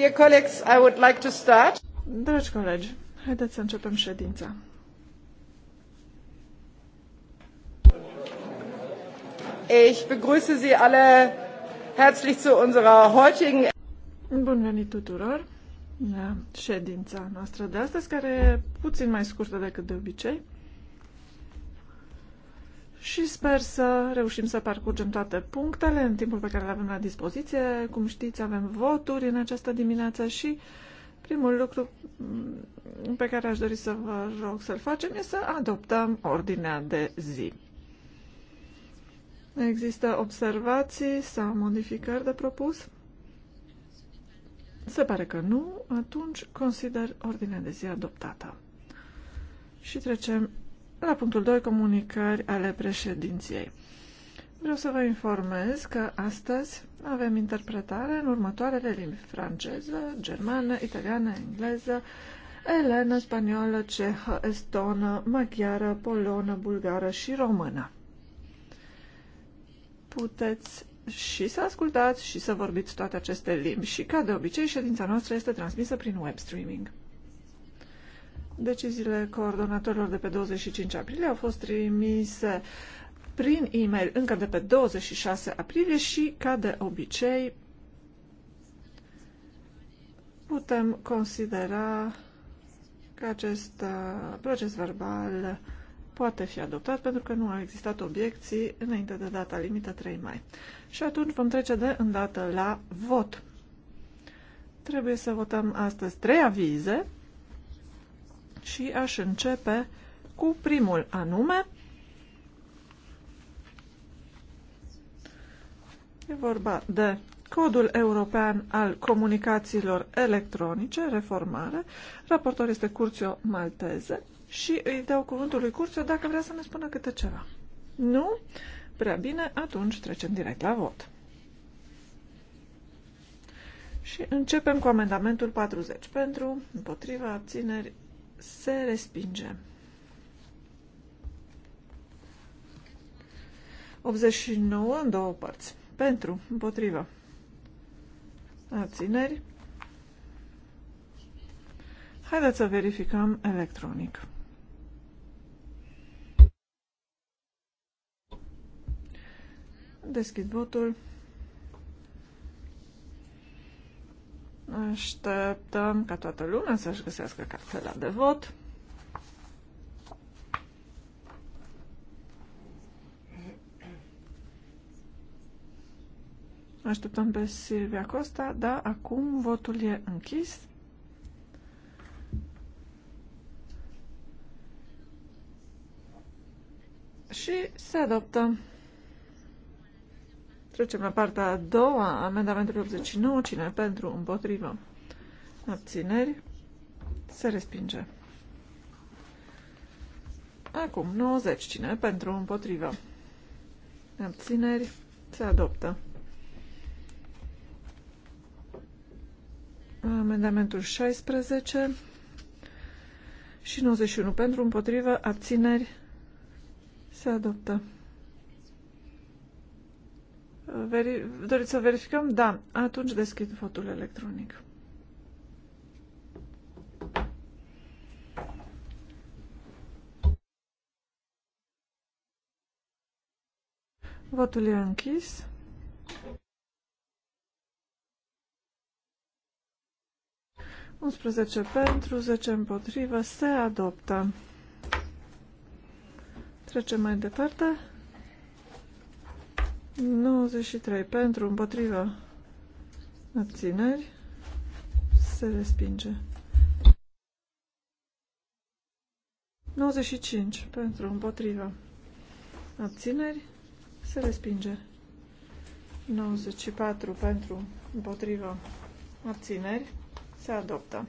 Dear colleagues, I would like to start. Dragi colegi, haideți să începem ședința. Ich begrüße Sie alle herzlich zu unserer heutigen Bun venit tuturor la ședința noastră de astăzi, care e puțin mai scurtă decât de obicei și sper să reușim să parcurgem toate punctele în timpul pe care le avem la dispoziție. Cum știți, avem voturi în această dimineață și primul lucru mm, pe care aș dori să vă rog să-l facem este să adoptăm ordinea de zi. Există observații sau modificări de propus? Se pare că nu, atunci consider ordinea de zi adoptată. Și trecem la punctul 2, comunicări ale președinției. Vreau să vă informez că astăzi avem interpretare în următoarele limbi franceză, germană, italiană, engleză, elenă, spaniolă, cehă, estonă, maghiară, polonă, bulgară și română. Puteți și să ascultați și să vorbiți toate aceste limbi și, ca de obicei, ședința noastră este transmisă prin web streaming. Deciziile coordonatorilor de pe 25 aprilie au fost trimise prin e-mail încă de pe 26 aprilie și, ca de obicei, putem considera că acest uh, proces verbal poate fi adoptat pentru că nu au existat obiecții înainte de data limită 3 mai. Și atunci vom trece de îndată la vot. Trebuie să votăm astăzi trei avize și aș începe cu primul anume. E vorba de Codul European al Comunicațiilor Electronice, reformare. Raportor este Curțio Malteze și îi dau cuvântul lui Curțio dacă vrea să ne spună câte ceva. Nu? Prea bine, atunci trecem direct la vot. Și începem cu amendamentul 40. Pentru, împotriva, abțineri, se respinge. 89 în două părți. Pentru, împotrivă. Abțineri. Haideți să verificăm electronic. Deschid votul. Așteptăm ca toată lumea să-și găsească cartela de vot. Așteptăm pe Silvia Costa, da, acum votul e închis. Și se adoptă. Trecem la partea a doua, amendamentului 89, cine pentru, împotrivă, abțineri, se respinge. Acum, 90, cine pentru, împotrivă, abțineri, se adoptă. Amendamentul 16 și 91 pentru, împotrivă, abțineri, se adoptă. Veri... Doriți să verificăm? Da. Atunci deschid votul electronic. Votul e închis. Unsprezece pentru, zece împotrivă, se adoptă. Trecem mai departe. 93 pentru, împotriva, abțineri, se respinge. 95 pentru, împotriva, abțineri, se respinge. 94 pentru, împotriva, abțineri, se adoptă.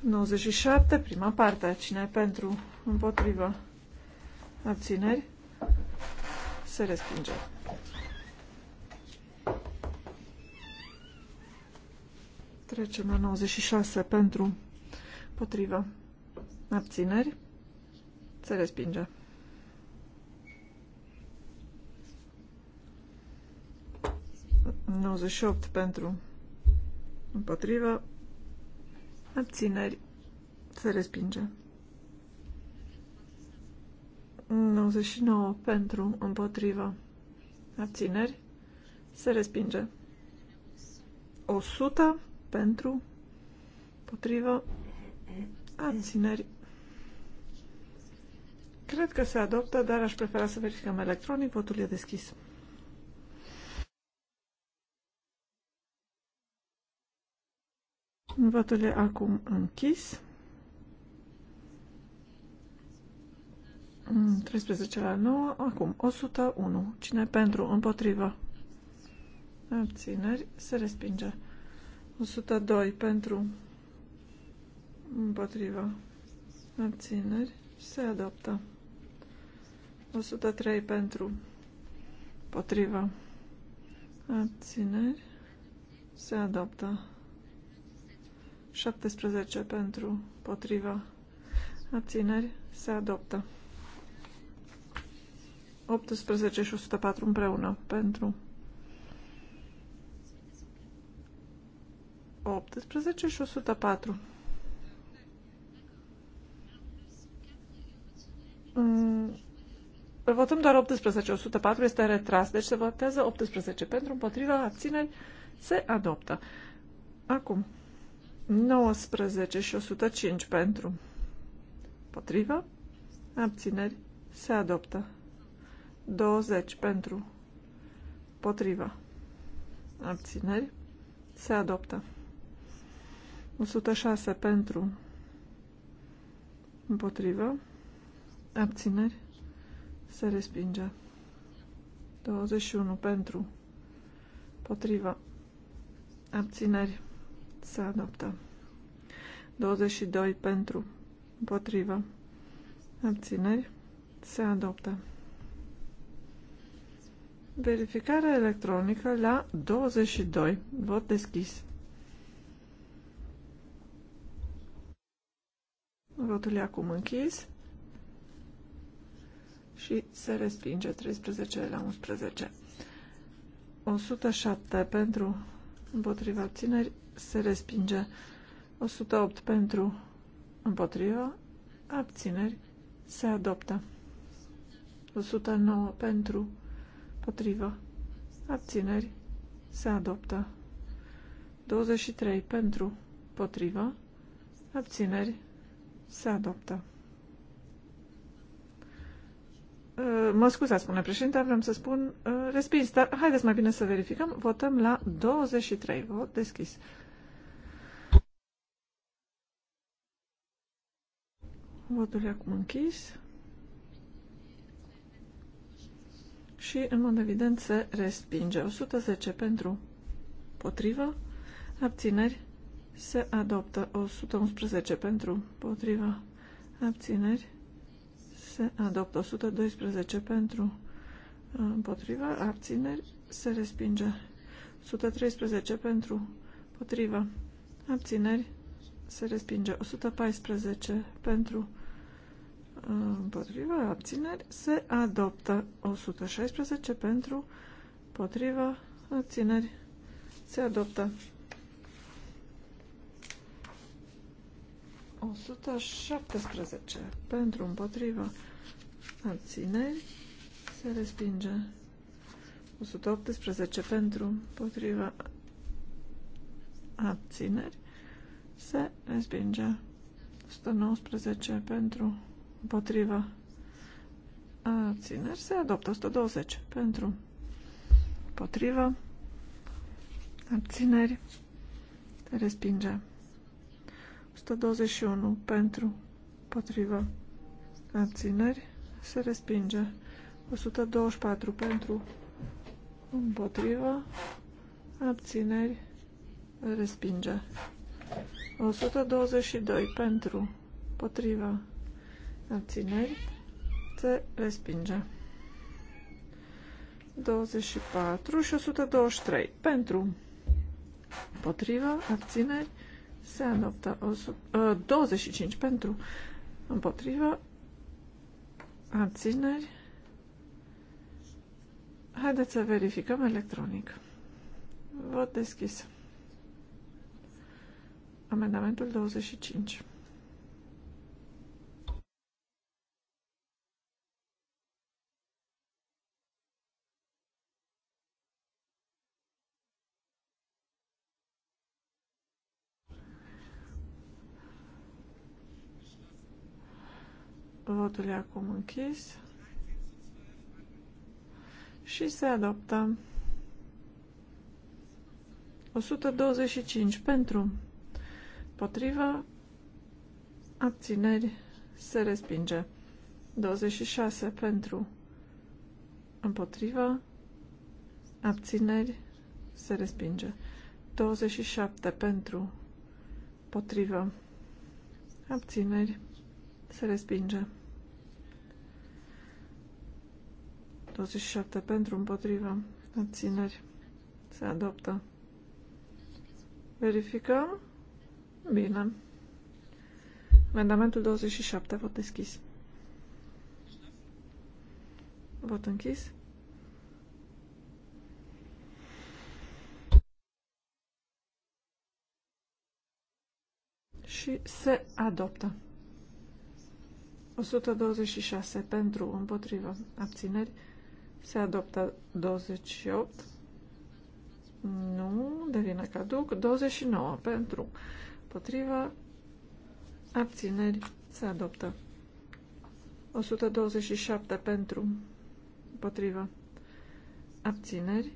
Nouăzeci și șapte, prima parte, cine pentru, împotriva, abțineri, se respinge. Trecem la 96 pentru potrivă abțineri. Se respinge. opt pentru împotrivă abțineri. Se respinge. 99 pentru, împotriva, abțineri, se respinge. 100 pentru, împotriva, abțineri. Cred că se adoptă, dar aș prefera să verificăm electronic. Votul e deschis. Votul e acum închis. 13 la 9, acum 101. Cine pentru, împotrivă? Abțineri, se respinge. 102 pentru, împotrivă. Abțineri, se adoptă. 103 pentru, împotrivă. Abțineri, se adoptă. 17 pentru, împotrivă. Abțineri, se adoptă. 18 și 104 împreună pentru 18 și 104. Mm. Îl Votăm doar 18. 104 este retras, deci se votează 18 pentru, împotriva, abțineri, se adoptă. Acum, 19 și 105 pentru, împotriva, abțineri, se adoptă. 20 pentru, potriva, abțineri, se adoptă. 106 pentru, împotrivă, abțineri, se respinge. 21 pentru, potriva, abțineri, se adoptă. 22 pentru, împotrivă, abțineri, se adoptă. Verificarea electronică la 22. Vot deschis. Votul e acum închis și se respinge 13 la 11. 107 pentru împotriva abțineri se respinge 108 pentru împotriva abțineri se adoptă 109 pentru Potrivă. Abțineri. Se adoptă. 23. Pentru. Potrivă. Abțineri. Se adoptă. Ă, mă scuzați, spune președinte, vreau să spun ă, respins, dar haideți mai bine să verificăm. Votăm la 23. Vot deschis. Votul e acum închis. și, în mod evident, se respinge. 110 pentru, potrivă, abțineri, se adoptă. 111 pentru, potrivă, abțineri, se adoptă. 112 uh, pentru, potrivă, abțineri, se respinge. 113 pentru, potrivă, abțineri, se respinge. 114 pentru, împotrivă, abțineri, se adoptă 116 pentru, împotrivă, abțineri, se adoptă 117 pentru, împotrivă, abțineri, se respinge 118 pentru, împotrivă, abțineri, se respinge 119 pentru împotriva abțineri se adoptă 120 pentru împotriva abțineri se respinge 121 pentru împotriva abțineri se respinge 124 pentru împotriva abțineri respinge 122 pentru potriva abțineri, se respinge. 24 și 123. Pentru, împotriva, abțineri, se adoptă 25 ă, pentru, împotriva, abțineri. Haideți să verificăm electronic. Vot deschis. Amendamentul 25. Votul e acum închis. Și se adoptă 125 pentru, potriva, abțineri, se respinge. 26 pentru, împotriva, abțineri, se respinge. 27 pentru, potriva abțineri, se respinge. 27 pentru, împotrivă, abțineri, se adoptă. Verificăm. Bine. Amendamentul 27, vot deschis. Vot închis. Și se adoptă. 126 pentru, împotrivă, abțineri se adoptă 28. Nu, devine caduc. 29 pentru. Potriva. Abțineri. Se adoptă. 127 pentru. Potriva. Abțineri.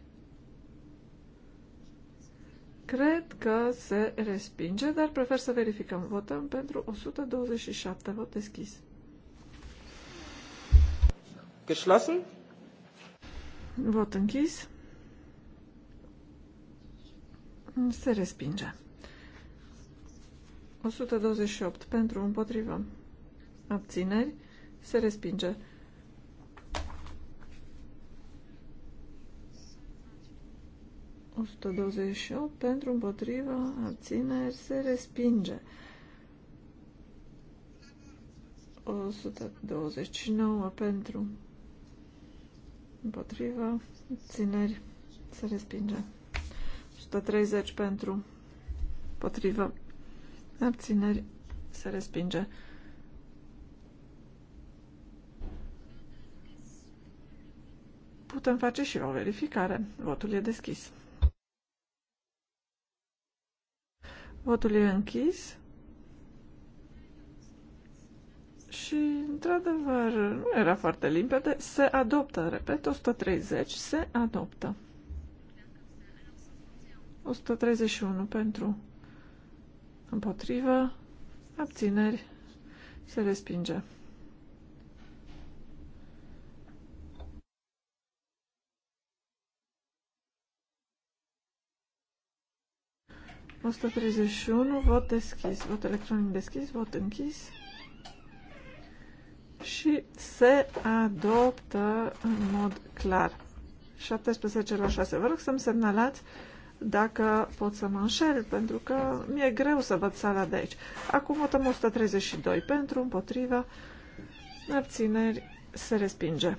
Cred că se respinge, dar prefer să verificăm. Votăm pentru 127. Vot deschis. Geschlossen? Vot închis. Se respinge. 128 pentru împotrivă. Abțineri. Se respinge. ...128 pentru împotriva abțineri se respinge. 129 pentru împotrivă, țineri, se respinge. 130 pentru, împotrivă, abțineri, se respinge. Putem face și o verificare. Votul e deschis. Votul e închis. și, într-adevăr, nu era foarte limpede, se adoptă, repet, 130, se adoptă. 131 pentru împotrivă, abțineri, se respinge. Osta 31, vot deschis, vot electronic deschis, vot închis și se adoptă în mod clar. 17 la 6. Vă rog să-mi semnalați dacă pot să mă înșel, pentru că mi-e greu să văd sala de aici. Acum votăm 132 pentru, împotriva, abțineri, se respinge.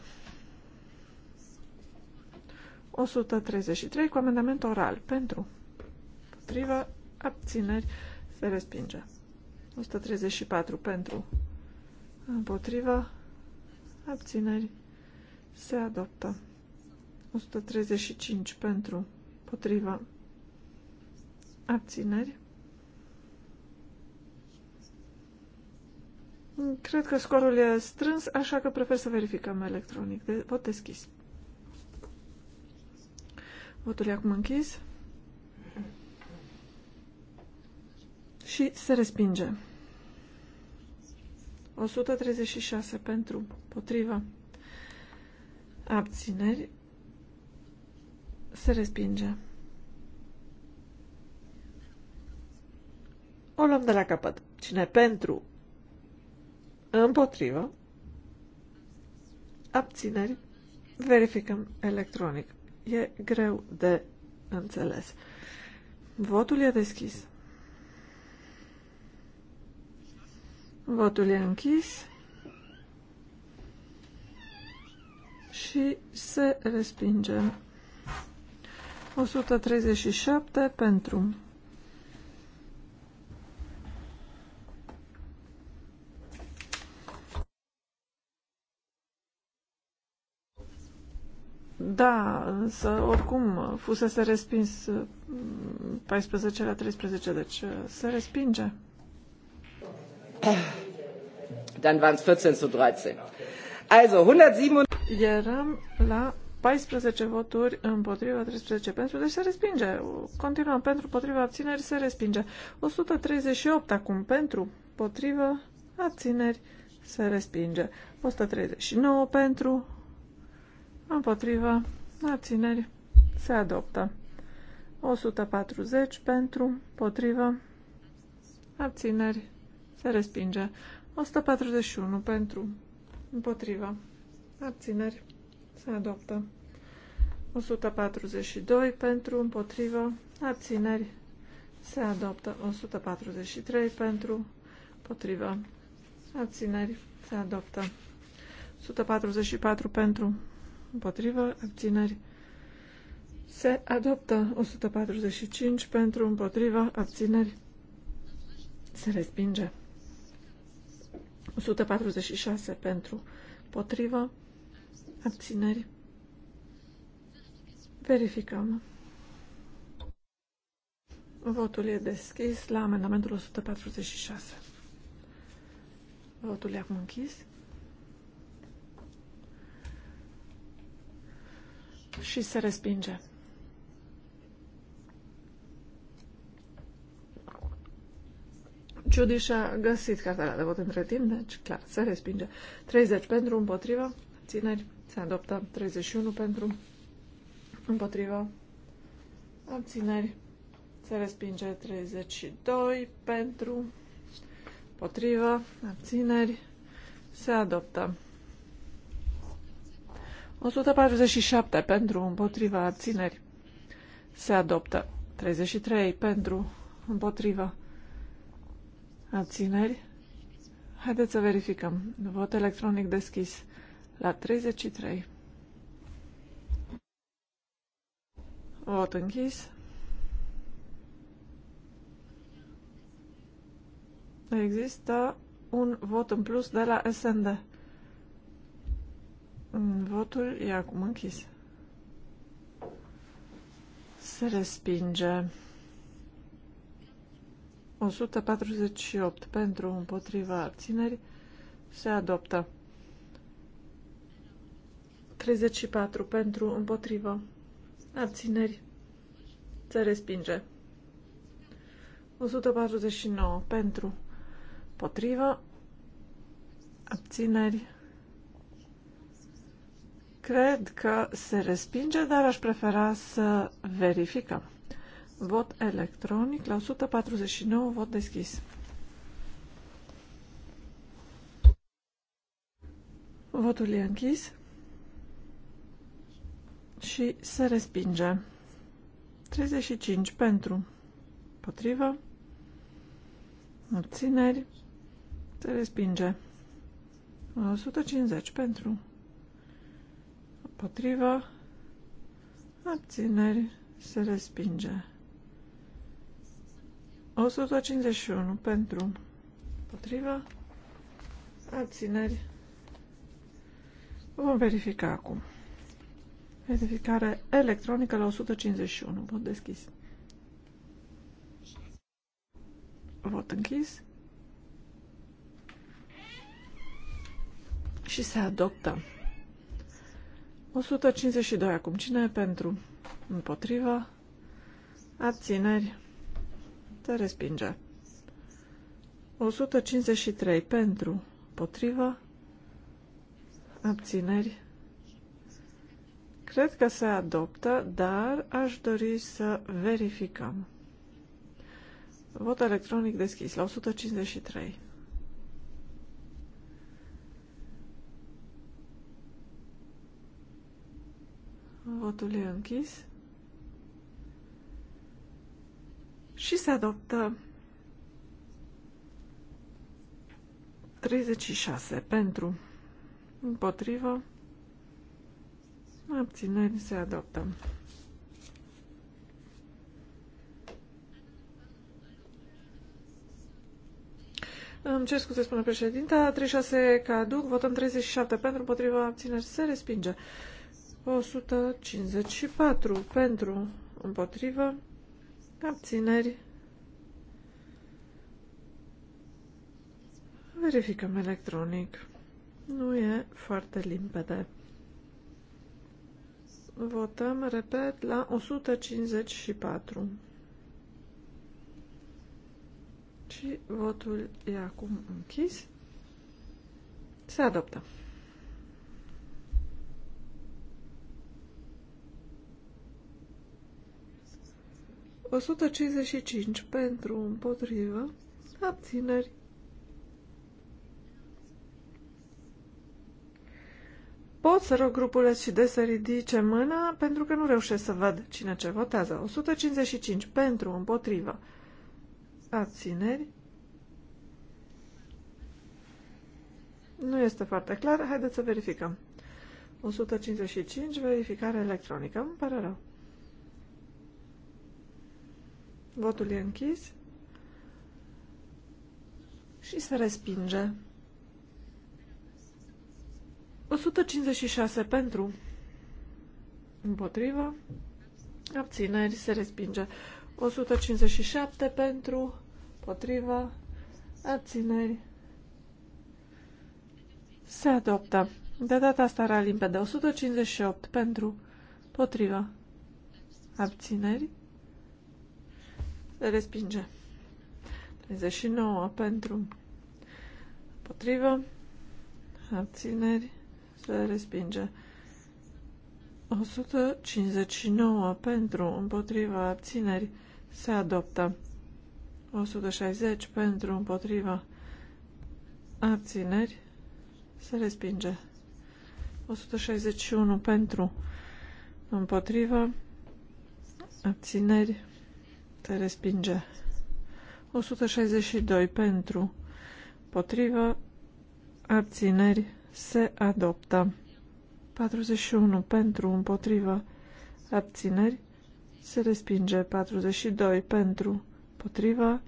133 cu amendament oral, pentru, împotriva, abțineri, se respinge. 134 pentru, Împotriva Abțineri. Se adoptă. 135 pentru. Potrivă. Abțineri. Cred că scorul e strâns, așa că prefer să verificăm electronic. De vot deschis. Votul e acum închis. Și se respinge. 136 pentru, potriva, abțineri, se respinge. O luăm de la capăt. Cine pentru, împotrivă, abțineri, verificăm electronic. E greu de înțeles. Votul e deschis. Votul e închis și se respinge. 137 pentru. Da, însă oricum fusese respins 14 mm, la 13, deci se respinge. Dann waren es 14 zu 13. Also 107. Eram la 14 voturi împotriva, 13 pentru, deci se respinge. Continuăm pentru, potriva, abțineri, se respinge. 138 acum pentru, potriva, abțineri, se respinge. 139 pentru, împotriva, abțineri, se adoptă. 140 pentru, potriva, abțineri, se respinge. 141 pentru. Împotriva. Abțineri. Se adoptă. 142 pentru. Împotriva. Abțineri. Se adoptă. 143 pentru. Împotriva. Abțineri. Se adoptă. 144 pentru. Împotriva. Abțineri. Se adoptă 145 pentru împotriva abțineri. Se respinge. 146 pentru potrivă, abțineri. Verificăm. Votul e deschis la amendamentul 146. Votul e acum închis. Și se respinge. Judy și-a găsit cartela de vot între timp, deci clar, se respinge. 30 pentru, împotriva, țineri, se adoptă. 31 pentru, împotriva, abțineri, se respinge. 32 pentru, împotriva, abțineri, se adoptă. 147 pentru, împotriva, abțineri, se adoptă. 33 pentru, împotriva, Abțineri? Haideți să verificăm. Vot electronic deschis la 33. Vot închis. Există un vot în plus de la SND. Votul e acum închis. Se respinge. 148 pentru împotriva abțineri se adoptă. 34 pentru împotriva abțineri se respinge. 149 pentru împotriva abțineri Cred că se respinge, dar aș prefera să verificăm. Vot electronic la 149, vot deschis. Votul e închis și se respinge. 35 pentru, potrivă, obțineri, se respinge. 150 pentru, potrivă, obțineri, se respinge. 151 pentru potriva abțineri vom verifica acum verificare electronică la 151 vot deschis vot închis și se adoptă 152 acum cine e pentru împotriva abțineri se respinge. 153 pentru, potrivă, abțineri. Cred că se adoptă, dar aș dori să verificăm. Vot electronic deschis la 153. Votul e închis. și se adoptă 36 pentru împotrivă abțineri se adoptă Îmi cer scuze, spune președinta. 36 caduc, votăm 37 pentru, împotriva abțineri se respinge. 154 pentru, împotrivă, Abțineri. Verificăm electronic. Nu e foarte limpede. Votăm, repet, la 154. Și votul e acum închis. Se adoptă. 155 pentru împotrivă, abțineri. Pot să rog grupul SD să ridice mâna pentru că nu reușesc să văd cine ce votează. 155 pentru împotrivă, abțineri. Nu este foarte clar, haideți să verificăm. 155, verificare electronică, îmi pare rău. Votul e închis și se respinge. 156 pentru, împotrivă, abțineri, se respinge. 157 pentru, împotrivă, abțineri, se adoptă. De data asta era limpede. 158 pentru, potrivă, abțineri, se respinge. 39 pentru. potrivă. Abțineri. Se respinge. 159 pentru. Împotrivă. Abțineri. Se adoptă. 160 pentru. Împotrivă. Abțineri. Se respinge. 161 pentru. Împotrivă. Abțineri se respinge. 162 pentru, potrivă, abțineri, se adoptă. 41 pentru, împotrivă, abțineri, se respinge. 42 pentru, potrivă,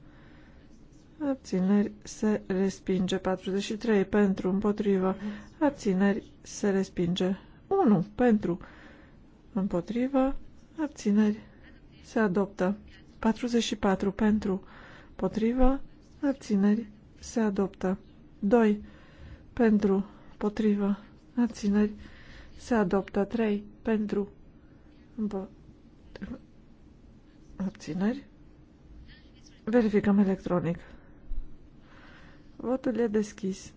abțineri, se respinge. 43 pentru, împotrivă, abțineri, se respinge. 1 pentru, împotrivă, abțineri, se adoptă. 44 pentru, potrivă, abțineri, se adoptă. 2 pentru, potrivă, abțineri, se adoptă. 3 pentru, abțineri. Verificăm electronic. Votul e deschis.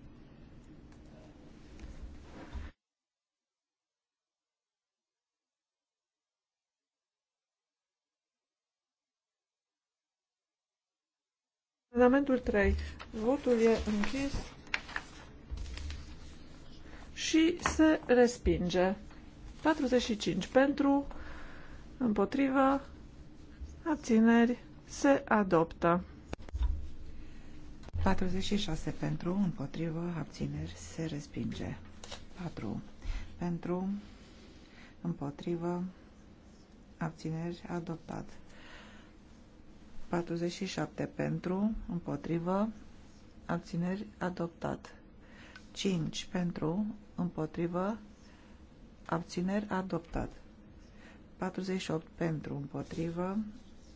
Amendamentul 3. Votul e închis și se respinge. 45 pentru, împotriva, abțineri, se adoptă. 46 pentru, împotrivă, abțineri, se respinge. 4 pentru, împotrivă, abțineri, adoptat. 47 pentru, împotrivă, abțineri adoptat. 5 pentru, împotrivă, abțineri adoptat. 48 pentru, împotrivă,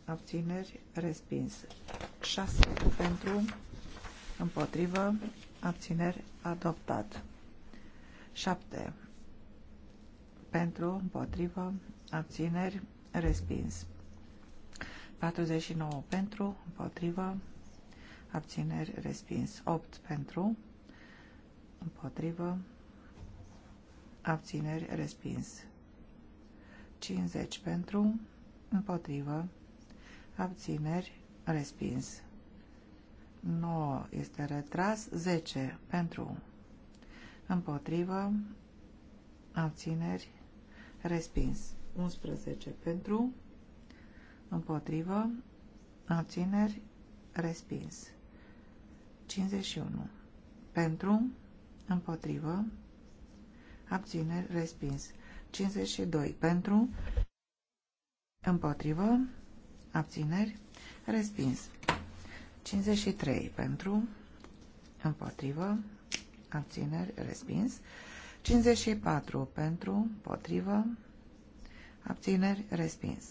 abțineri respins. 6 pentru, împotrivă, abțineri adoptat. 7 pentru, împotrivă, abțineri respins. 49 pentru, împotrivă, abțineri, respins. 8 pentru, împotrivă, abțineri, respins. 50 pentru, împotrivă, abțineri, respins. 9 este retras, 10 pentru, împotrivă, abțineri, respins. 11 pentru, împotrivă, abțineri, respins. 51. Pentru, împotrivă, abțineri, respins. 52. Pentru, împotrivă, abțineri, respins. 53. Pentru, împotrivă, abțineri, respins. 54. Pentru, împotrivă, abțineri, respins.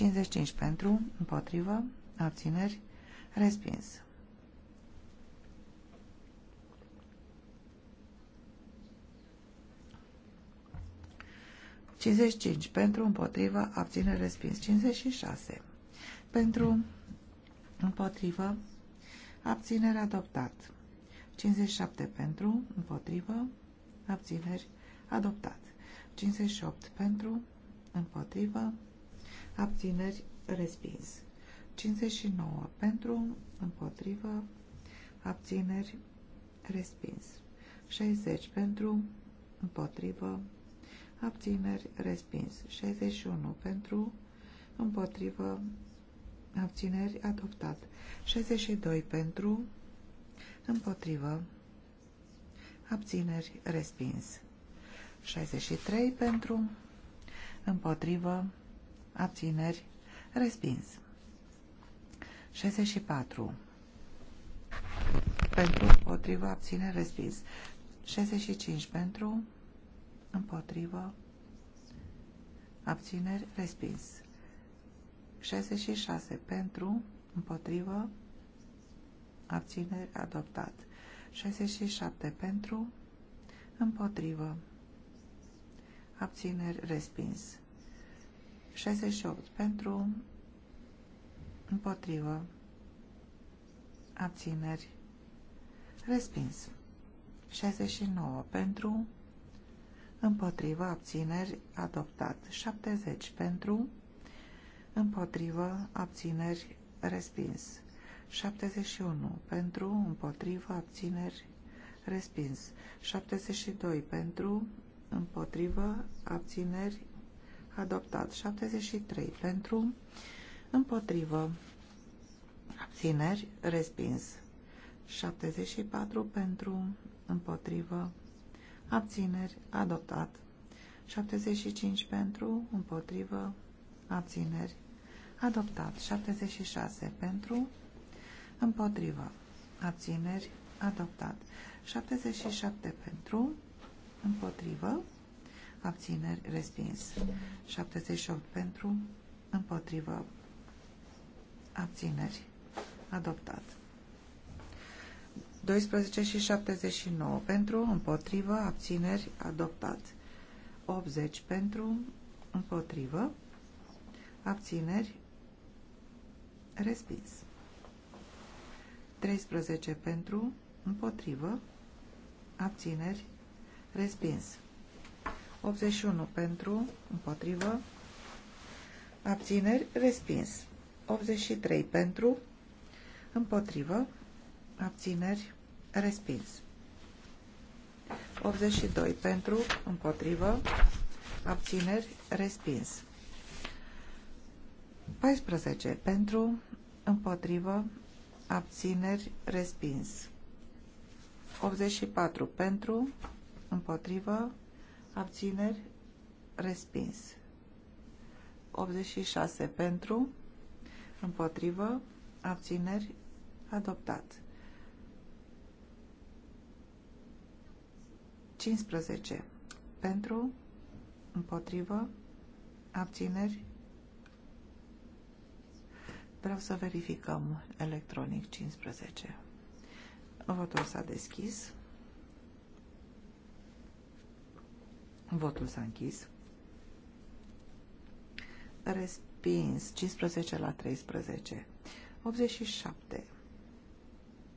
55 pentru, împotrivă, abțineri, respins. cinci pentru, împotrivă, abține, respins. 56 pentru, împotrivă, abținere adoptat. 57 pentru, împotrivă, abțineri, adoptat. 58 pentru, împotrivă, abțineri, respins. 59 pentru, împotrivă, abțineri, respins. 60 pentru, împotrivă, abțineri, respins. 61 pentru, împotrivă, abțineri, adoptat. 62 pentru, împotrivă, abțineri, respins. 63 pentru, împotrivă, abțineri, respins. 64. Pentru, potrivă, abțineri, respins. 65. Pentru, împotrivă, abțineri, respins. 66. Pentru, împotrivă, abțineri, adoptat. 67. Pentru, împotrivă, abțineri, respins. 68 pentru, împotrivă, abțineri, respins. 69 pentru, împotrivă, abțineri, adoptat. 70 pentru, împotrivă, abțineri, respins. 71 pentru, împotrivă, abțineri, respins. 72 pentru, împotrivă, abțineri, adoptat 73 pentru, împotrivă, abțineri, respins 74 pentru, împotrivă, abțineri, adoptat 75 pentru, împotrivă, abțineri, adoptat 76 pentru, împotrivă, abțineri, adoptat 77 pentru, împotrivă, abțineri, respins. 78 pentru, împotrivă, abțineri, adoptat. 12 și 79 pentru, împotrivă, abțineri, adoptat. 80 pentru, împotrivă, abțineri, respins. 13 pentru, împotrivă, abțineri, respins. 81 pentru, împotrivă, abțineri, respins. 83 pentru, împotrivă, abțineri, respins. 82 pentru, împotrivă, abțineri, respins. 14 pentru, împotrivă, abțineri, respins. 84 pentru, împotrivă, abțineri, respins. 86 pentru, împotrivă, abțineri, adoptat. 15 pentru, împotrivă, abțineri. Vreau să verificăm electronic 15. Votul s-a deschis. Votul s-a închis. Respins 15 la 13. 87.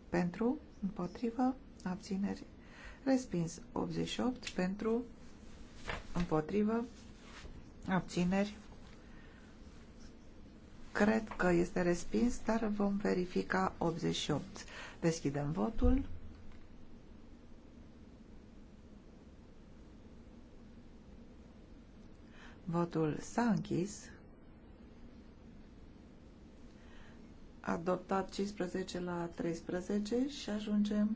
Pentru, împotrivă, abțineri. Respins 88 pentru, împotrivă, abțineri. Cred că este respins, dar vom verifica 88. Deschidem votul. Votul s-a închis. Adoptat 15 la 13 și ajungem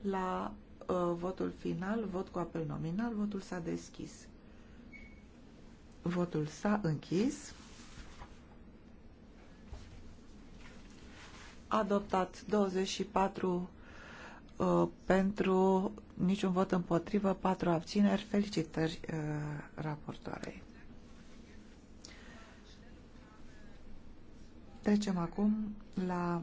la uh, votul final, vot cu apel nominal, votul s-a deschis. Votul s-a închis. Adoptat 24 uh, pentru niciun vot împotrivă, 4 abțineri. Felicitări uh, raportoarei. Trecem acum la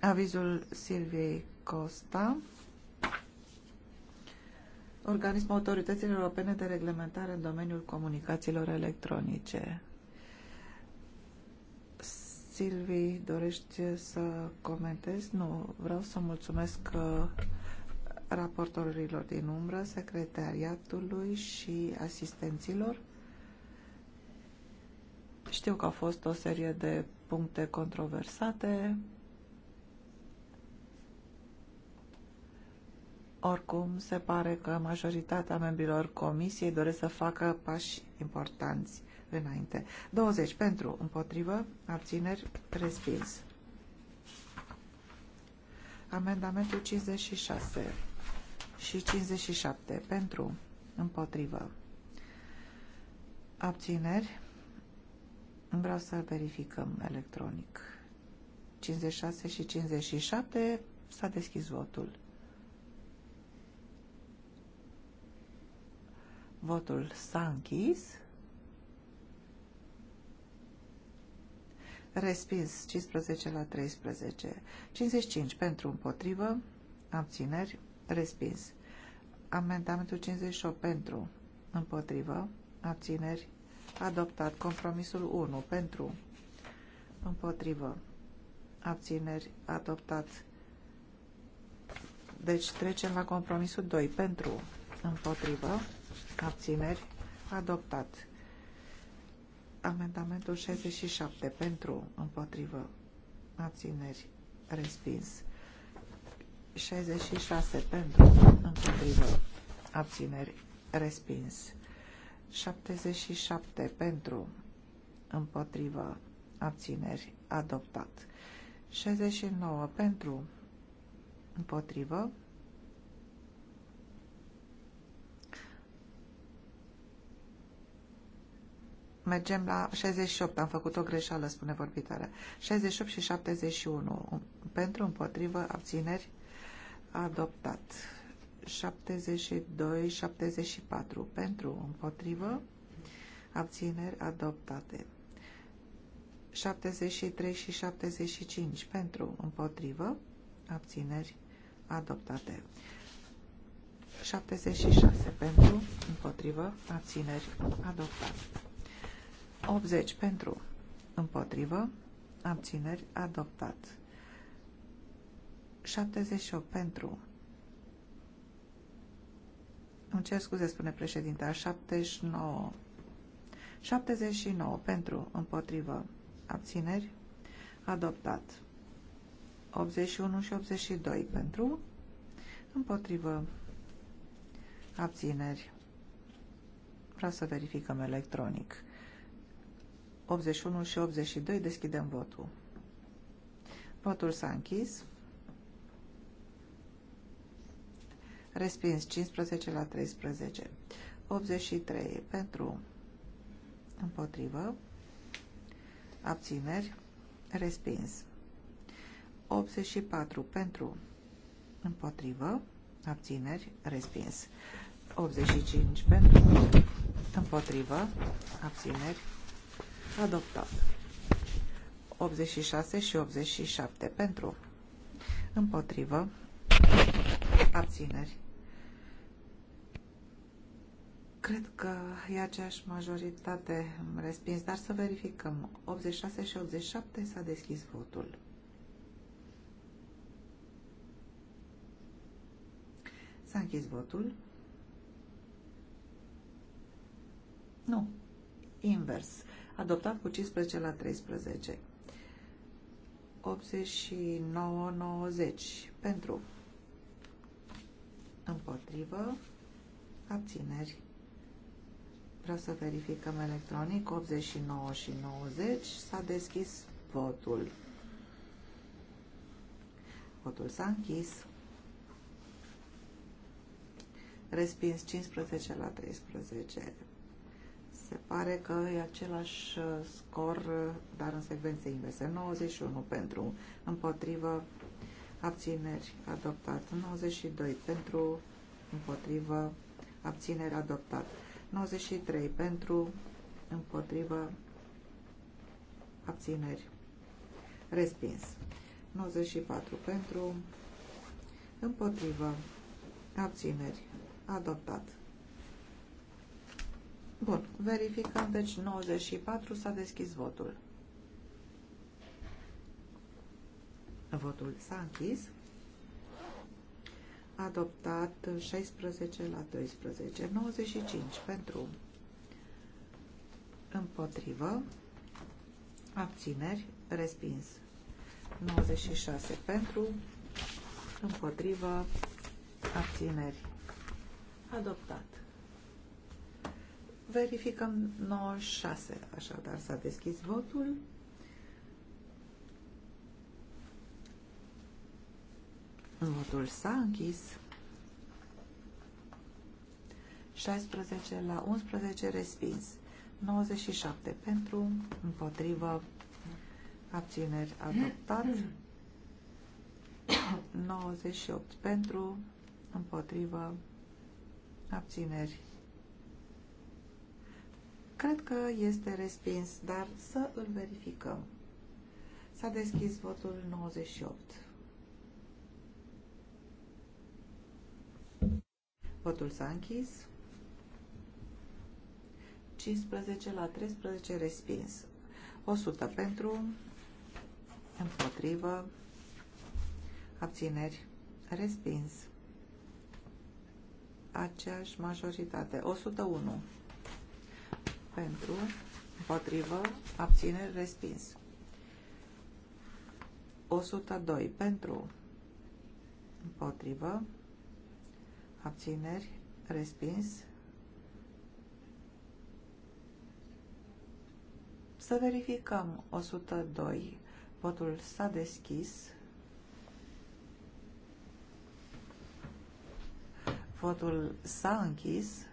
avizul Silviei Costa organismul autorităților europene de reglementare în domeniul comunicațiilor electronice. Silvi, dorești să comentezi? Nu, vreau să mulțumesc uh, raportorilor din umbră, secretariatului și asistenților. Știu că au fost o serie de puncte controversate. Oricum, se pare că majoritatea membrilor comisiei doresc să facă pași importanți înainte. 20 pentru, împotrivă, abțineri, respins. Amendamentul 56 și 57 pentru, împotrivă. Abțineri. Vreau să verificăm electronic. 56 și 57 s-a deschis votul. Votul s-a închis. Respins 15 la 13. 55 pentru împotrivă. Abțineri. Respins. Amendamentul 58 pentru. Împotrivă. Abțineri. Adoptat. Compromisul 1 pentru. Împotrivă. Abțineri. Adoptat. Deci trecem la compromisul 2 pentru. Împotrivă. Abțineri. Adoptat. Amendamentul 67 pentru. Împotrivă. Abțineri. Respins. 66 pentru, împotrivă, abțineri, respins. 77 pentru, împotrivă, abțineri, adoptat. 69 pentru, împotrivă, Mergem la 68, am făcut o greșeală, spune vorbitoarea. 68 și 71. Pentru, împotrivă, abțineri, adoptat. 72, 74 pentru, împotrivă, abțineri adoptate. 73 și 75 pentru, împotrivă, abțineri adoptate. 76 pentru, împotrivă, abțineri adoptat. 80 pentru, împotrivă, abțineri adoptat. 78 pentru. Îmi cer scuze, spune președinta. 79. 79 pentru, împotrivă, abțineri, adoptat. 81 și 82 pentru, împotrivă, abțineri. Vreau să verificăm electronic. 81 și 82, deschidem votul. Votul s-a închis. Respins 15 la 13. 83 pentru împotrivă. Abțineri. Respins. 84 pentru împotrivă. Abțineri. Respins. 85 pentru împotrivă. Abțineri. Adoptat. 86 și 87 pentru împotrivă abțineri. Cred că e aceeași majoritate respins, dar să verificăm. 86 și 87 s-a deschis votul. S-a închis votul. Nu. Invers. Adoptat cu 15 la 13. 89-90. Pentru împotrivă, abțineri. Vreau să verificăm electronic 89 și 90. S-a deschis votul. Votul s-a închis. Respins 15 la 13. Se pare că e același uh, scor, uh, dar în secvență inversă. 91 pentru, împotrivă, abțineri adoptat, 92 pentru, împotrivă, abțineri adoptat, 93 pentru, împotrivă, abțineri, respins, 94 pentru, împotrivă, abțineri, adoptat. Bun, verificăm, deci 94 s-a deschis votul. Votul s-a închis. Adoptat 16 la 12. 95 pentru. Împotrivă. Abțineri. Respins. 96 pentru. Împotrivă. Abțineri. Adoptat. Verificăm 96. Așadar s-a deschis votul. Votul s-a închis. 16 la 11 respins. 97 pentru, împotrivă, abțineri adoptat. 98 pentru, împotrivă, abțineri. Cred că este respins, dar să îl verificăm. S-a deschis votul 98. Votul s-a închis. 15 la 13 respins. 100 pentru, împotrivă, abțineri, respins. Aceeași majoritate. 101 pentru, împotrivă, abțineri, respins. 102 pentru, împotrivă, abțineri, respins. Să verificăm 102. Votul s-a deschis. Votul s-a închis.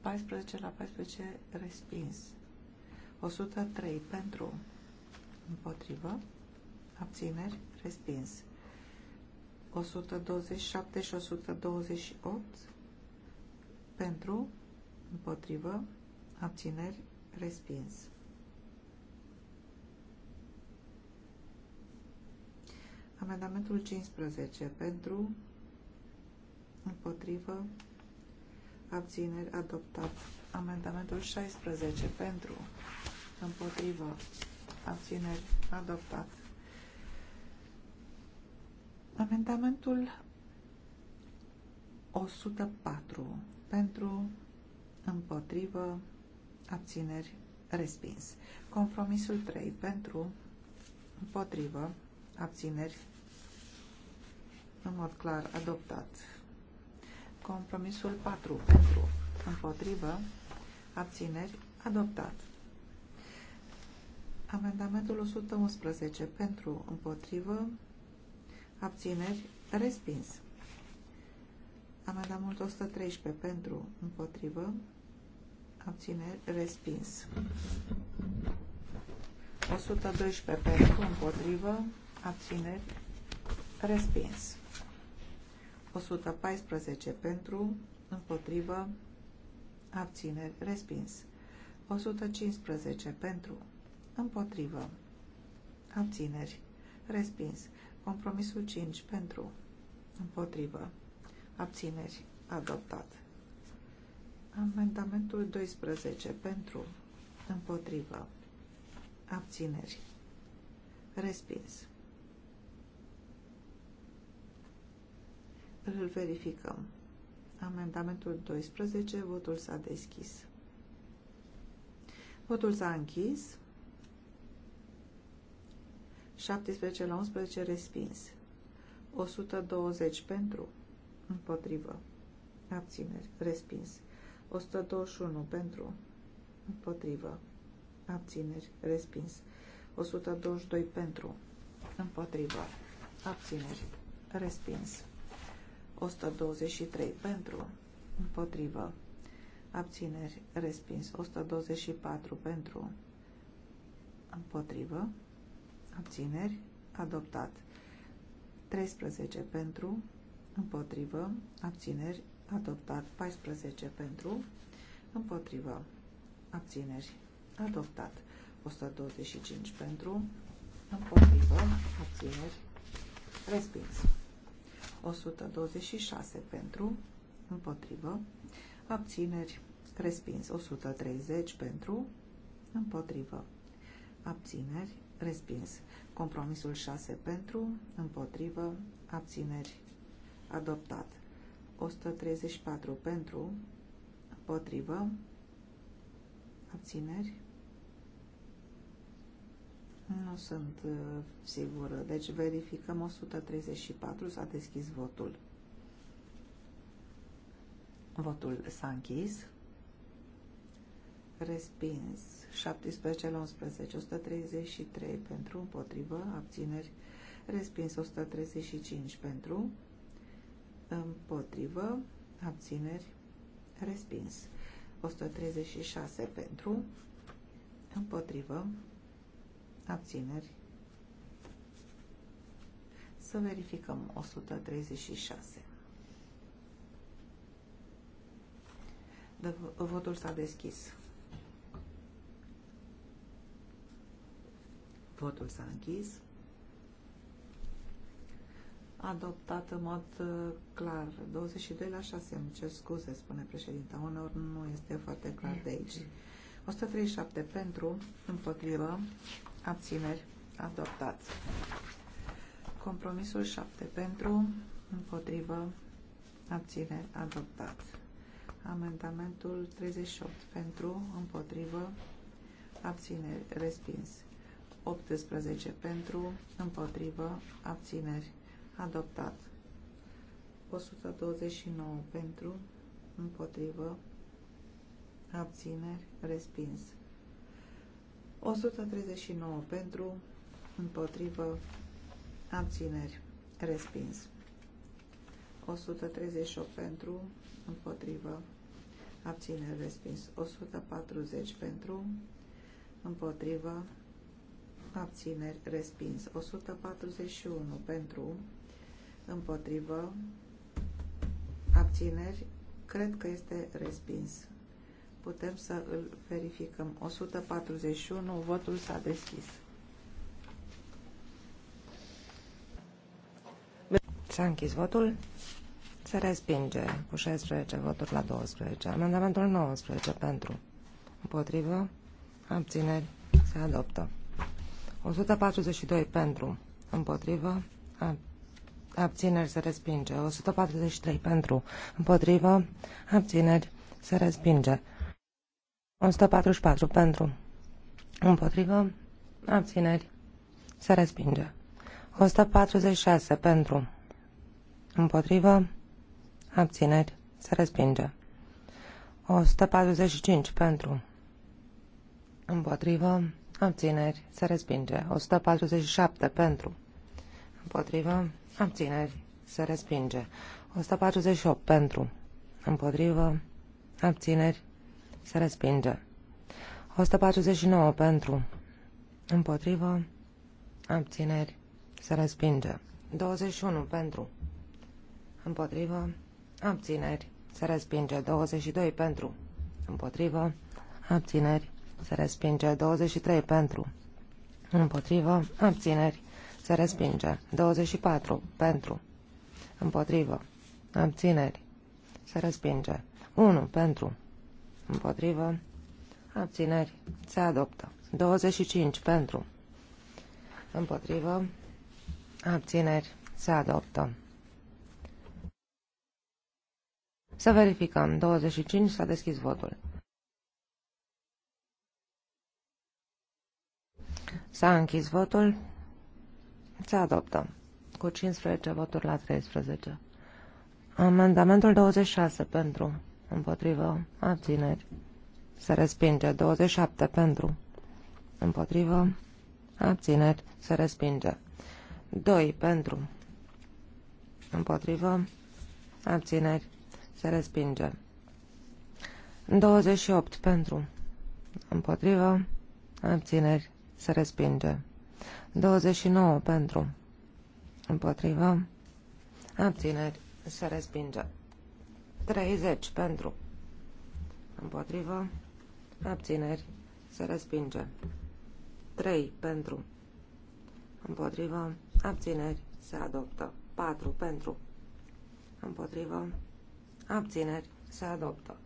14 la 14 respins. 103 pentru împotrivă, abțineri, respins. 127 și 128 pentru, împotrivă, abțineri, respins. Amendamentul 15 pentru, împotrivă, abțineri, adoptat. Amendamentul 16 pentru, împotrivă, abțineri, adoptat. Amendamentul 104 pentru împotrivă abțineri respins. Compromisul 3 pentru împotrivă abțineri în mod clar adoptat. Compromisul 4 pentru împotrivă abțineri adoptat. Amendamentul 111 pentru împotrivă abțineri, respins. Amendamentul 113 pentru, împotrivă, abțineri, respins. 112 pentru, împotrivă, abțineri, respins. 114 pentru, împotrivă, abțineri, respins. 115 pentru, împotrivă, abțineri, respins. Compromisul 5 pentru, împotrivă, abțineri, adoptat. Amendamentul 12 pentru, împotrivă, abțineri, respins. Îl verificăm. Amendamentul 12, votul s-a deschis. Votul s-a închis. 17 la 11 respins. 120 pentru, împotrivă, abțineri, respins. 121 pentru, împotrivă, abțineri, respins. 122 pentru, împotrivă, abțineri, respins. 123 pentru, împotrivă, abțineri, respins. 124 pentru, împotrivă, abțineri, adoptat. 13 pentru, împotrivă, abțineri, adoptat. 14 pentru, împotrivă, abțineri, adoptat. 125 pentru, împotrivă, abțineri, respins. 126 pentru, împotrivă, abțineri, respins. 130 pentru, împotrivă, abțineri, respins. Compromisul 6 pentru, împotrivă, abțineri, adoptat. 134 pentru, împotrivă, abțineri. Nu sunt uh, sigură. Deci verificăm 134, s-a deschis votul. Votul s-a închis respins. 17 la 11, 133 pentru, împotrivă, abțineri, respins. 135 pentru, împotrivă, abțineri, respins. 136 pentru, împotrivă, abțineri. Să verificăm 136. Votul s-a deschis. Votul s-a închis. Adoptat în mod uh, clar. 22 la 6. Îmi cer scuze, spune președinta. Uneori nu este foarte clar de aici. 137 pentru, împotrivă, abțineri, adoptat. Compromisul 7 pentru, împotrivă, abțineri, adoptat. Amendamentul 38 pentru, împotrivă, abțineri, respins. 18 pentru, împotrivă, abțineri, adoptat. 129 pentru, împotrivă, abțineri, respins. 139 pentru, împotrivă, abțineri, respins. 138 pentru, împotrivă, abțineri, respins. 140 pentru, împotrivă, abțineri, respins. 141 pentru, împotrivă, abțineri, cred că este respins. Putem să îl verificăm. 141, votul s-a deschis. S-a închis votul. Se respinge cu 16 voturi la 12. Amendamentul 19 pentru. Împotrivă. Abțineri. Se adoptă. 142 pentru, împotrivă, abțineri se respinge. 143 pentru, împotrivă, abțineri se respinge. 144 pentru, împotrivă, abțineri se respinge. 146 pentru, împotrivă, abțineri se respinge. 145 pentru, împotrivă, abțineri, se respinge. 147 pentru, împotrivă, abțineri, se respinge. 148 pentru, împotrivă, abțineri, se respinge. 149 pentru, împotrivă, abțineri, se respinge. 21 pentru, împotrivă, abțineri, se respinge. 22 pentru, împotrivă, abțineri, se respinge. 23 pentru, împotrivă, abțineri, se respinge. 24 pentru, împotrivă, abțineri, se respinge. 1 pentru, împotrivă, abțineri, se adoptă. 25 pentru, împotrivă, abțineri, se adoptă. Să verificăm. 25 s-a deschis votul. S-a închis votul. Se adoptă. Cu 15 voturi la 13. Amendamentul 26 pentru. Împotrivă. Abțineri. Se respinge. 27 pentru. Împotrivă. Abțineri. Se respinge. 2 pentru. Împotrivă. Abțineri. Se respinge. 28 pentru. Împotrivă. Abțineri se respinge. 29 pentru, împotrivă, abțineri, se respinge. 30 pentru, împotrivă, abțineri, se respinge. 3 pentru, împotrivă, abțineri, se adoptă. 4 pentru, împotrivă, abțineri, se adoptă.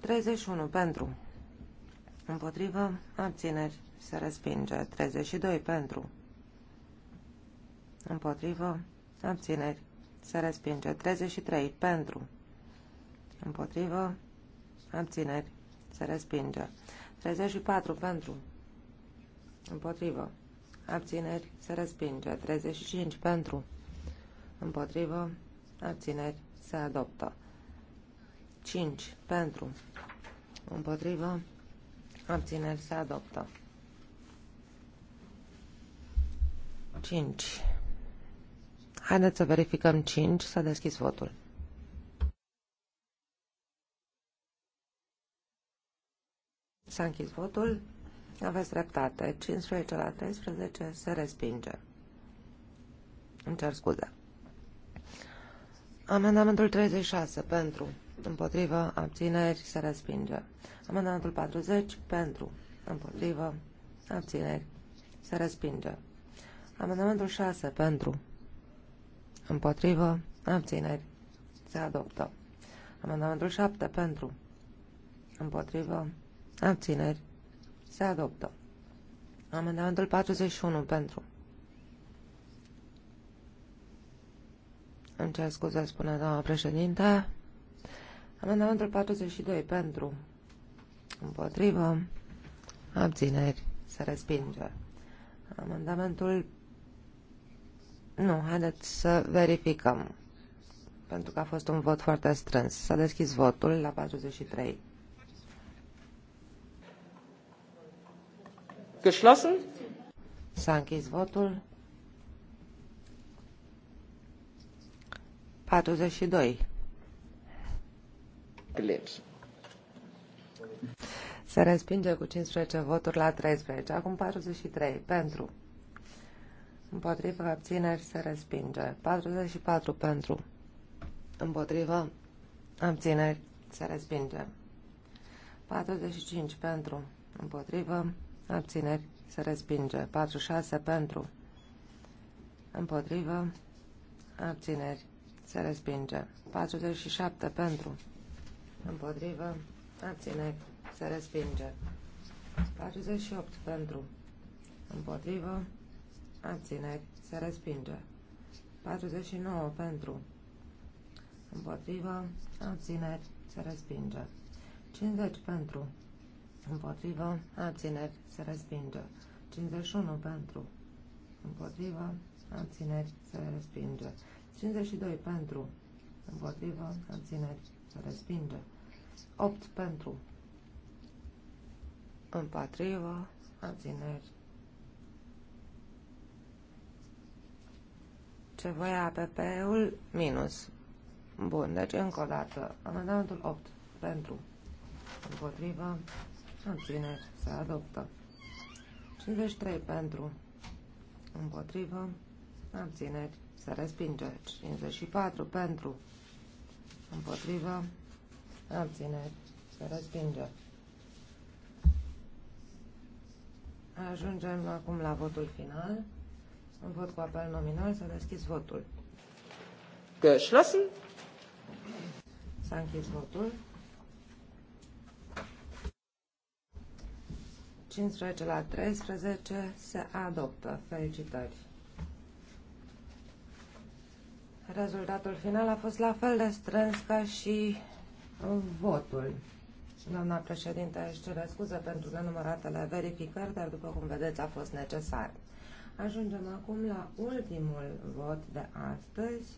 31 pentru, împotrivă, abțineri, se respinge. 32 pentru, împotrivă, abțineri, se respinge. 33 pentru, împotrivă, abțineri, se respinge. 34 pentru, împotrivă, abțineri, se respinge. 35 pentru, împotrivă, abțineri, se adoptă. 5 pentru, împotrivă, Abțineri se adoptă. 5. Haideți să verificăm 5. S-a deschis votul. S-a închis votul. Aveți dreptate. 15 la 13 se respinge. Îmi cer scuze. Amendamentul 36 pentru. Împotrivă. Abțineri. Se respinge. Amendamentul 40 pentru. Împotrivă. Abțineri. Se respinge. Amendamentul 6 pentru. Împotrivă. Abțineri. Se adoptă. Amendamentul 7 pentru. Împotrivă. Abțineri. Se adoptă. Amendamentul 41 pentru. Îmi cer scuze, spune doamna președinte. Amendamentul 42 pentru. Împotrivă. Abțineri. Se respinge. Amendamentul nu, haideți să verificăm. Pentru că a fost un vot foarte strâns. S-a deschis votul la 43. Geschlossen? S-a închis votul. 42. Glebt. Se respinge cu 15 voturi la 13. Acum 43. Pentru. Împotriva abțineri se respinge. 44 pentru. Împotriva abțineri se respinge. 45 pentru. Împotriva abțineri se respinge. 46 pentru. Împotriva abțineri se respinge. 47 pentru. Împotriva abțineri se respinge. 48 pentru. Împotrivă abțineri, se respinge. 49 pentru, împotrivă, abțineri, se respinge. 50 pentru, împotrivă, abțineri, se respinge. 51 pentru, împotrivă, abțineri, se respinge. 52 pentru, împotrivă, abțineri, se respinge. 8 pentru, împotrivă, abțineri, ce voia APP-ul, minus. Bun, deci încă o dată, amendamentul 8 pentru, împotrivă, abțineri, se adoptă. 53 pentru, împotrivă, abțineri, se respinge. 54 pentru, împotrivă, abțineri, se respinge. Ajungem acum la votul final. Vot cu apel nominal. S-a deschis votul. Geschlossen. S-a închis votul. 15 la 13 se adoptă. Felicitări! Rezultatul final a fost la fel de strâns ca și votul. Doamna președinte își cere scuze pentru nenumăratele verificări, dar după cum vedeți a fost necesar. Ajungem acum la ultimul vot de astăzi,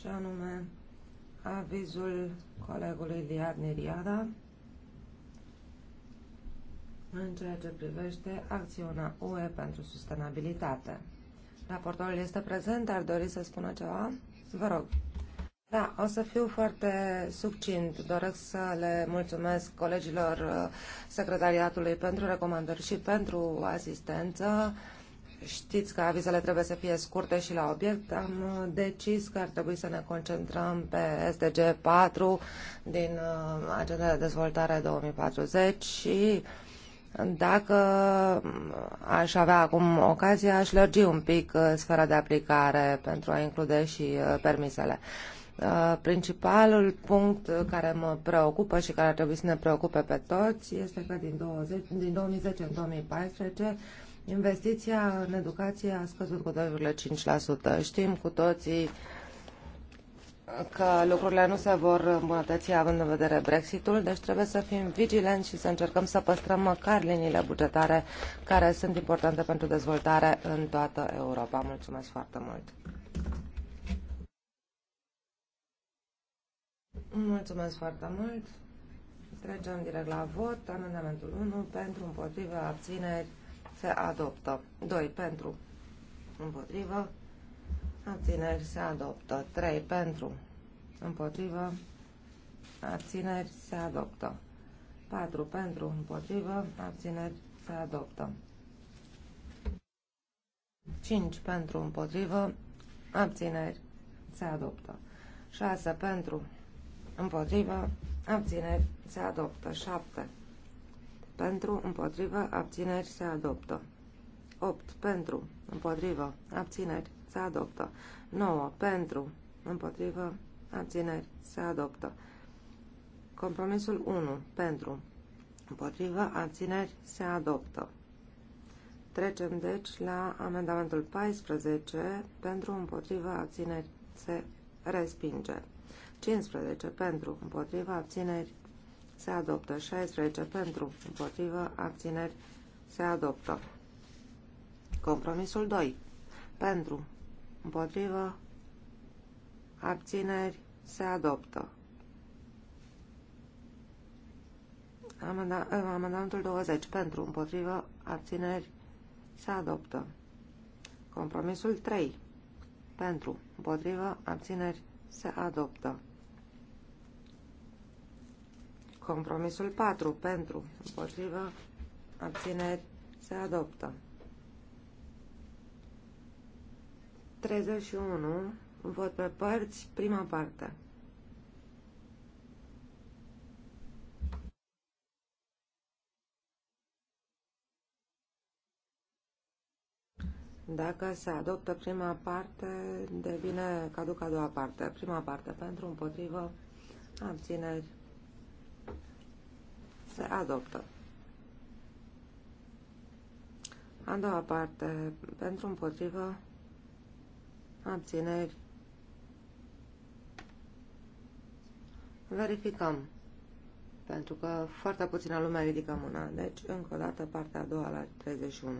și anume avizul colegului Liad Neriada în ceea ce privește acțiunea UE pentru sustenabilitate. Raportorul este prezent, ar dori să spună ceva? Vă rog. Da, o să fiu foarte succint. Doresc să le mulțumesc colegilor uh, secretariatului pentru recomandări și pentru asistență știți că avizele trebuie să fie scurte și la obiect, am uh, decis că ar trebui să ne concentrăm pe SDG 4 din uh, Agenda de Dezvoltare 2040 și dacă uh, aș avea acum ocazia, aș lărgi un pic sfera de aplicare pentru a include și permisele. Principalul punct care mă preocupă și care ar trebui să ne preocupe pe toți este că din, 20, din 2010 în 2014 Investiția în educație a scăzut cu 2,5%. Știm cu toții că lucrurile nu se vor îmbunătăți având în vedere Brexitul, deci trebuie să fim vigilenți și să încercăm să păstrăm măcar liniile bugetare care sunt importante pentru dezvoltare în toată Europa. Mulțumesc foarte mult! Mulțumesc foarte mult! Trecem direct la vot. Amendamentul 1 pentru împotriva abțineri se adoptă. 2 pentru, împotrivă, abțineri, se adoptă. 3 pentru, împotrivă, abțineri, se adoptă. 4 pentru, împotrivă, abțineri, se adoptă. 5 pentru, împotrivă, abțineri, se adoptă. 6 pentru, împotrivă, abțineri, se adoptă. 7 pentru, împotrivă, abțineri, se adoptă. 8. Pentru, împotrivă, abțineri, se adoptă. 9. Pentru, împotrivă, abțineri, se adoptă. Compromisul 1. Pentru, împotrivă, abțineri, se adoptă. Trecem, deci, la amendamentul 14. Pentru, împotrivă, abțineri, se respinge. 15. Pentru, împotriva, abțineri, se adoptă. 16 pentru, împotrivă, abțineri, se adoptă. Compromisul 2. Pentru, împotrivă, abțineri, se adoptă. Amenda eh, amendamentul 20. Pentru, împotrivă, abțineri, se adoptă. Compromisul 3. Pentru, împotrivă, abțineri, se adoptă. Compromisul 4 pentru, împotrivă, abțineri, se adoptă. 31, vot pe părți, prima parte. Dacă se adoptă prima parte, devine caduca a doua parte. Prima parte pentru, împotrivă, abțineri, se adoptă. A doua parte, pentru împotrivă, abțineri, verificăm, pentru că foarte puțină lumea ridică mâna, deci încă o dată partea a doua la 31.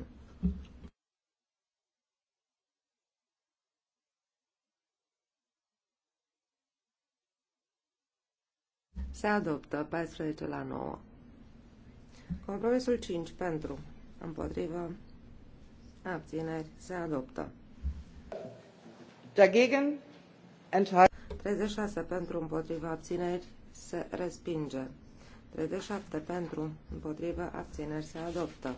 Se adoptă 14 la 9. Compromisul 5 pentru, împotrivă, abțineri, se adoptă. Dagegen, 36 pentru, împotrivă, abțineri, se respinge. 37 pentru, împotrivă, abțineri, se adoptă.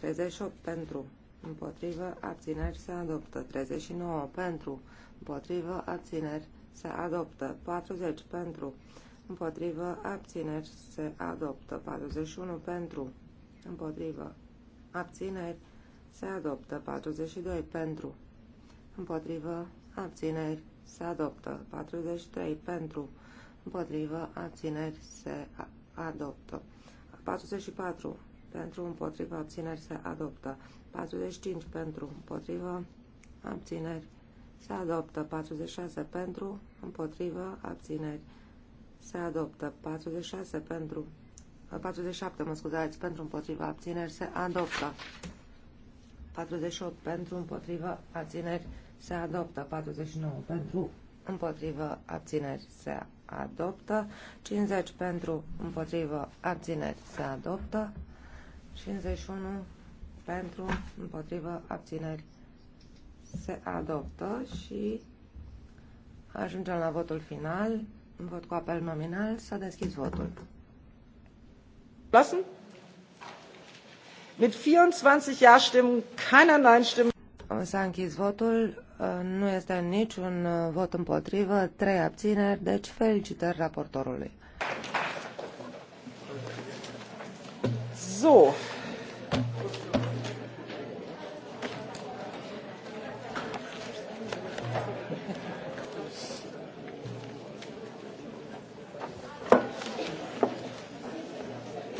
38 pentru, împotrivă, abțineri, se adoptă. 39 pentru, împotrivă, abțineri, se adoptă. 40 pentru, împotrivă, abțineri, se adoptă. 41 pentru, împotrivă, abțineri, se adoptă. 42 pentru, împotrivă, abțineri, se adoptă. 43 pentru, împotrivă, abțineri, se adoptă. 44 pentru, împotrivă, abțineri, se adoptă. 45 pentru, împotrivă, abțineri, se adoptă. 46 pentru, împotrivă, abțineri, se se adoptă. 46 pentru 47, mă scuzați, pentru împotriva abțineri se adoptă. 48 pentru împotriva abțineri se adoptă. 49 pentru împotriva abțineri se adoptă. 50 pentru împotriva abțineri se adoptă. 51 pentru împotriva abțineri se adoptă și ajungem la votul final. Vot cu apel nominal. S-a deschis votul. Lassen? Mit 24 Ja-Stimmen, keiner Nein-Stimme. S-a închis votul. Uh, nu este niciun uh, vot împotrivă, trei abțineri, deci felicitări raportorului. So.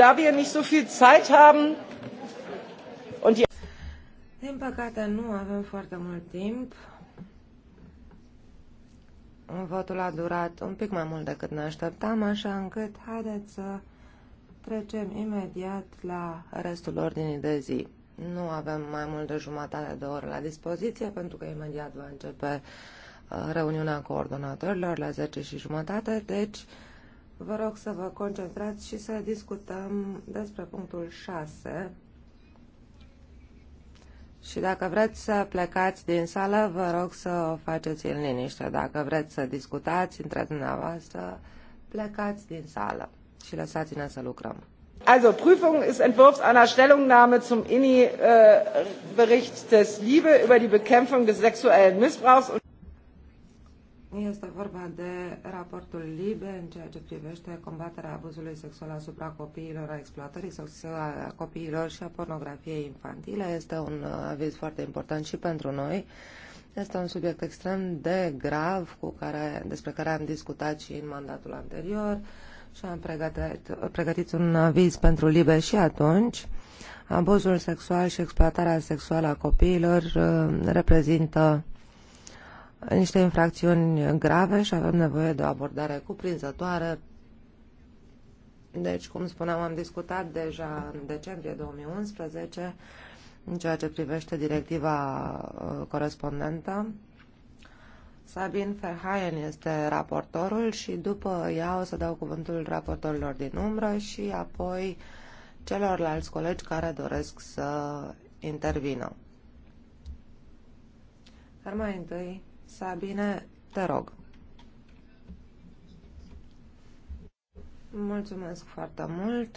da wir nicht so viel Zeit haben und die Din păcate nu avem foarte mult timp. Votul a durat un pic mai mult decât ne așteptam, așa încât haideți să trecem imediat la restul ordinii de zi. Nu avem mai mult de jumătate de oră la dispoziție, pentru că imediat va începe uh, reuniunea coordonatorilor la 10 și jumătate, deci Vă rog să vă concentrați și să discutăm despre punctul 6. Și dacă vreți să plecați din sală, vă rog să o faceți în liniște. Dacă vreți să discutați între dumneavoastră, plecați din sală și lăsați-ne să lucrăm. Also, Prüfung ist Entwurf einer Stellungnahme zum INI-Bericht äh, des Liebe über die Bekämpfung des sexuellen Missbrauchs. Und este vorba de raportul LIBE în ceea ce privește combaterea abuzului sexual asupra copiilor, a exploatării sexuale a copiilor și a pornografiei infantile. Este un uh, aviz foarte important și pentru noi. Este un subiect extrem de grav cu care, despre care am discutat și în mandatul anterior și am pregătit, pregătit un aviz pentru LIBE și atunci. Abuzul sexual și exploatarea sexuală a copiilor uh, reprezintă niște infracțiuni grave și avem nevoie de o abordare cuprinzătoare. Deci, cum spuneam, am discutat deja în decembrie 2011 în ceea ce privește directiva uh, corespondentă. Sabin Ferhaien este raportorul și după ea o să dau cuvântul raportorilor din umbră și apoi celorlalți colegi care doresc să intervină. Dar mai întâi Sabine, te rog. Mulțumesc foarte mult.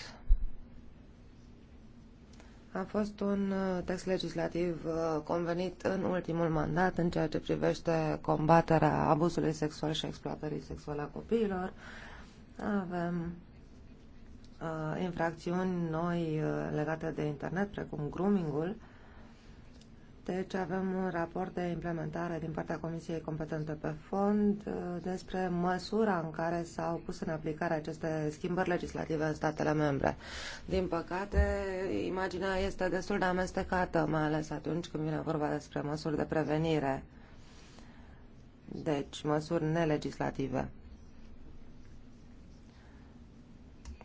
A fost un uh, text legislativ uh, convenit în ultimul mandat în ceea ce privește combaterea abuzului sexual și exploatării sexuale a copiilor. Avem uh, infracțiuni noi legate de internet, precum groomingul, deci avem un raport de implementare din partea Comisiei competente pe fond uh, despre măsura în care s-au pus în aplicare aceste schimbări legislative în statele membre. Din păcate, imaginea este destul de amestecată, mai ales atunci când vine vorba despre măsuri de prevenire, deci măsuri nelegislative.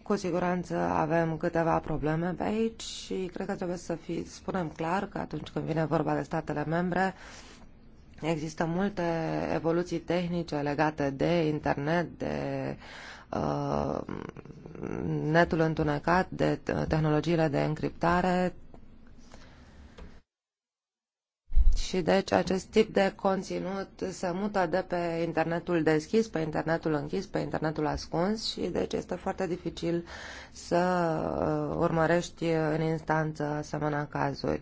Cu siguranță avem câteva probleme pe aici și cred că trebuie să fi, spunem clar că atunci când vine vorba de statele membre, există multe evoluții tehnice legate de internet, de uh, netul întunecat, de tehnologiile de încriptare, și deci acest tip de conținut se mută de pe internetul deschis, pe internetul închis, pe internetul ascuns și deci este foarte dificil să uh, urmărești în instanță asemenea cazuri.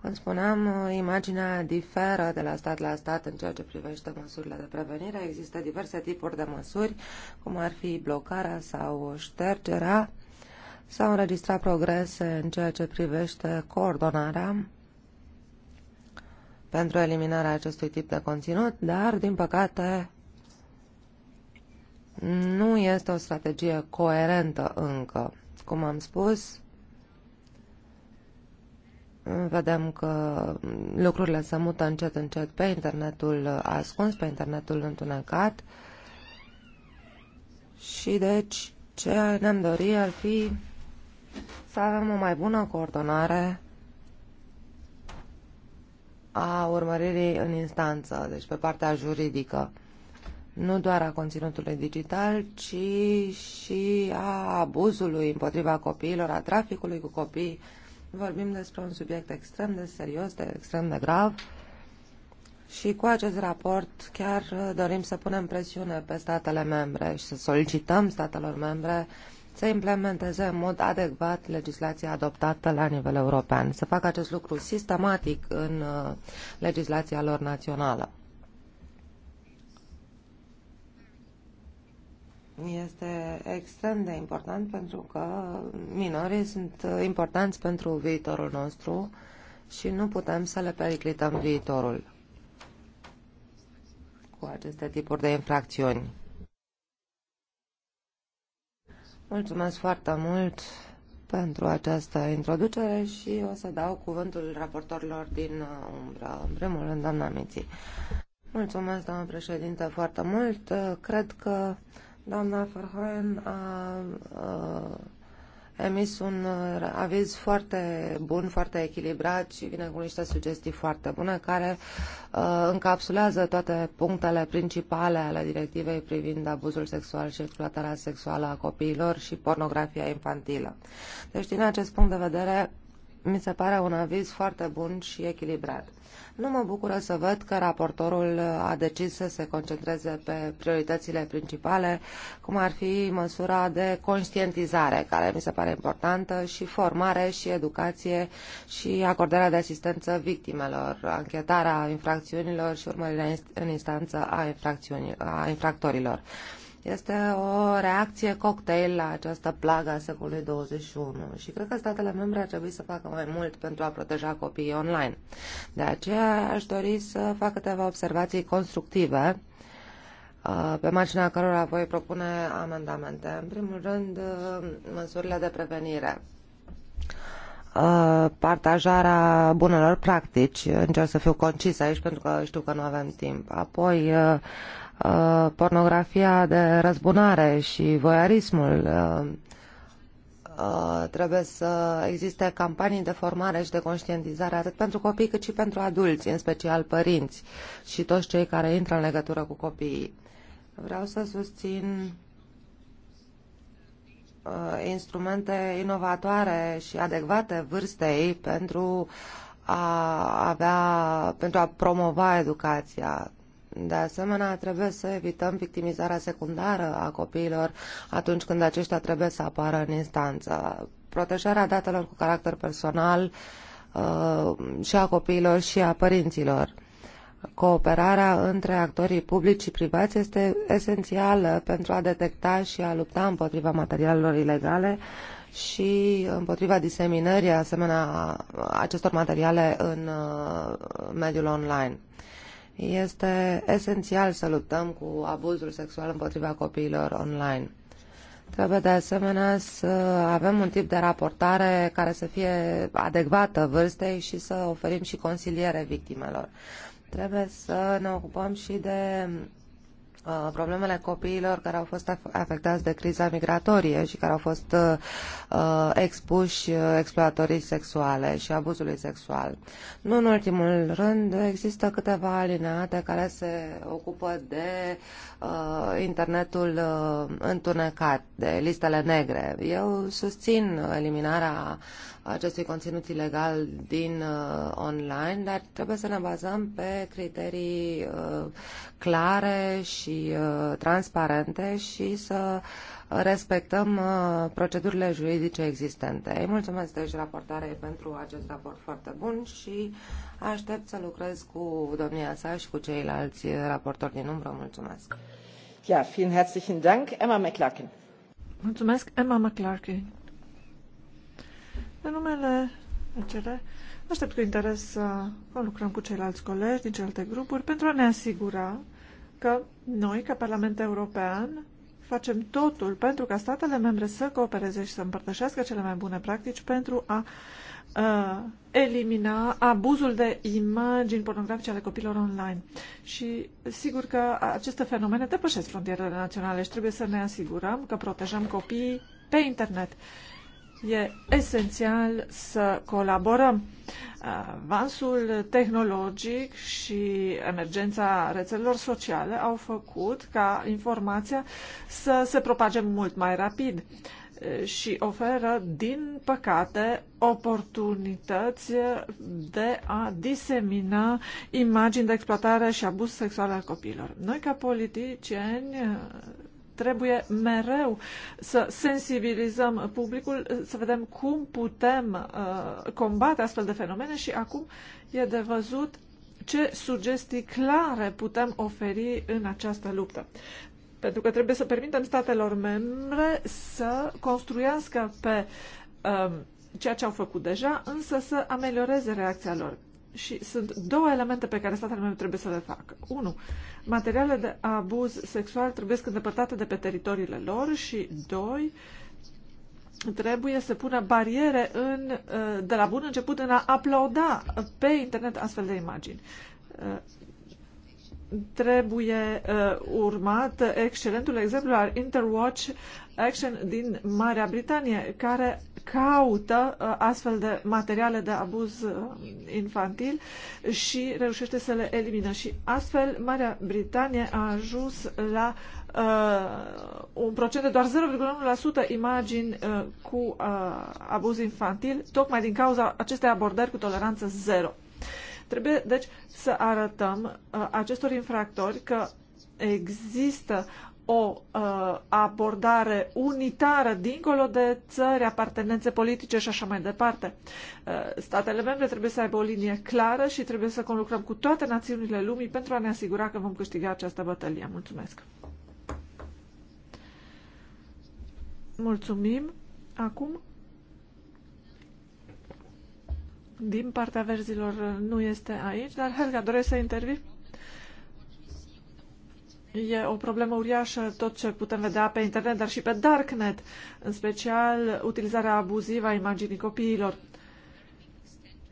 Cum spuneam, imaginea diferă de la stat la stat în ceea ce privește măsurile de prevenire. Există diverse tipuri de măsuri, cum ar fi blocarea sau ștergerea. sau au înregistrat progrese în ceea ce privește coordonarea pentru eliminarea acestui tip de conținut, dar, din păcate, nu este o strategie coerentă încă. Cum am spus, vedem că lucrurile se mută încet, încet pe internetul ascuns, pe internetul întunecat și, deci, ce ne-am dori ar fi să avem o mai bună coordonare a urmăririi în instanță, deci pe partea juridică, nu doar a conținutului digital, ci și a abuzului împotriva copiilor, a traficului cu copii. Vorbim despre un subiect extrem de serios, de extrem de grav și cu acest raport chiar dorim să punem presiune pe statele membre și să solicităm statelor membre uh, să implementeze în mod adecvat legislația adoptată la nivel european, să facă acest lucru sistematic în uh, legislația lor națională. Este extrem de important pentru că minorii sunt importanți pentru viitorul nostru și nu putem să le periclităm viitorul cu aceste tipuri de infracțiuni. Mulțumesc foarte mult pentru această introducere și o să dau cuvântul raportorilor din uh, umbra. În primul rând, doamna Miții. Mulțumesc, doamna președinte, foarte mult. Cred că doamna Farhoen a, a uh, emis un uh, aviz foarte bun, foarte echilibrat și vine cu niște sugestii foarte bune care uh, încapsulează toate punctele principale ale directivei privind abuzul sexual și exploatarea sexuală a copiilor și pornografia infantilă. Deci, din acest punct de vedere, mi se pare un aviz foarte bun și echilibrat. Nu mă bucură să văd că raportorul a decis să se concentreze pe prioritățile principale, cum ar fi măsura de conștientizare, care mi se pare importantă, și formare și educație și acordarea de asistență victimelor, anchetarea infracțiunilor și urmărirea în instanță a, infracțiunilor, a infractorilor. Este o reacție cocktail la această plagă a secolului 21 și cred că statele membre ar trebui să facă mai mult pentru a proteja copiii online. De aceea aș dori să fac câteva observații constructive uh, pe marginea cărora voi propune amendamente. În primul rând, uh, măsurile de prevenire uh, partajarea bunelor practici. Încerc să fiu concis aici pentru că știu că nu avem timp. Apoi Uh, pornografia de răzbunare și voiarismul. Uh, uh, trebuie să existe campanii de formare și de conștientizare atât pentru copii cât și pentru adulți, în special părinți și toți cei care intră în legătură cu copiii. Vreau să susțin instrumente inovatoare și adecvate vârstei pentru a avea, pentru a promova educația de asemenea, trebuie să evităm victimizarea secundară a copiilor atunci când aceștia trebuie să apară în instanță. Protejarea datelor cu caracter personal uh, și a copiilor și a părinților. Cooperarea între actorii publici și privați este esențială pentru a detecta și a lupta împotriva materialelor ilegale și împotriva diseminării asemenea acestor materiale în uh, mediul online. Este esențial să luptăm cu abuzul sexual împotriva copiilor online. Trebuie de asemenea să avem un tip de raportare care să fie adecvată vârstei și să oferim și consiliere victimelor. Trebuie să ne ocupăm și de Uh, problemele copiilor care au fost afectați de criza migratorie și care au fost uh, uh expuși uh, exploatorii sexuale și abuzului sexual. Nu în ultimul rând, există câteva alineate care se ocupă de uh, internetul uh, întunecat, de listele negre. Eu susțin eliminarea acestui conținut ilegal din uh, online, dar trebuie să ne bazăm pe criterii uh, clare și uh, transparente și să respectăm uh, procedurile juridice existente. Îi mulțumesc deci raportare pentru acest raport foarte bun și aștept să lucrez cu domnia sa și cu ceilalți raportori din umbră. Mulțumesc! Ja, vielen herzlichen Dank, Emma McLarkin. Mulțumesc, Emma McClarkin. În numele ACR, aștept cu interes să lucrăm cu ceilalți colegi din celelalte grupuri pentru a ne asigura că noi, ca Parlament European, facem totul pentru ca statele membre să coopereze și să împărtășească cele mai bune practici pentru a uh, elimina abuzul de imagini pornografice ale copilor online. Și sigur că aceste fenomene depășesc frontierele naționale și trebuie să ne asigurăm că protejăm copiii pe internet. Uh, E esențial să colaborăm. Avansul tehnologic și emergența rețelelor sociale au făcut ca informația să se propage mult mai rapid și oferă, din păcate, oportunități de a disemina imagini de exploatare și abuz sexual al copiilor. Noi, ca politicieni, Trebuie mereu să sensibilizăm publicul, să vedem cum putem uh, combate astfel de fenomene și acum e de văzut ce sugestii clare putem oferi în această luptă. Pentru că trebuie să permitem statelor membre să construiască pe uh, ceea ce au făcut deja, însă să amelioreze reacția lor și sunt două elemente pe care statele membre trebuie să le facă. Unu, materialele de abuz sexual trebuie să îndepărtate de pe teritoriile lor și, doi, trebuie să pună bariere în, uh, de la bun început în a aplauda pe internet astfel de imagini. Uh, trebuie uh, urmat excelentul exemplu al Interwatch Action din Marea Britanie, care caută uh, astfel de materiale de abuz uh, infantil și reușește să le elimină. Și astfel Marea Britanie a ajuns la uh, un procent de doar 0,1% imagini uh, cu uh, abuz infantil, tocmai din cauza acestei abordări cu toleranță zero. Trebuie, deci, să arătăm uh, acestor infractori că există o uh, abordare unitară dincolo de țări, apartenențe politice și așa mai departe. Uh, statele membre trebuie să aibă o linie clară și trebuie să conlucrăm cu toate națiunile lumii pentru a ne asigura că vom câștiga această bătălie. Mulțumesc! Mulțumim! Acum din partea verzilor nu este aici, dar Helga, doresc să intervii? E o problemă uriașă tot ce putem vedea pe internet, dar și pe darknet, în special utilizarea abuzivă a imaginii copiilor.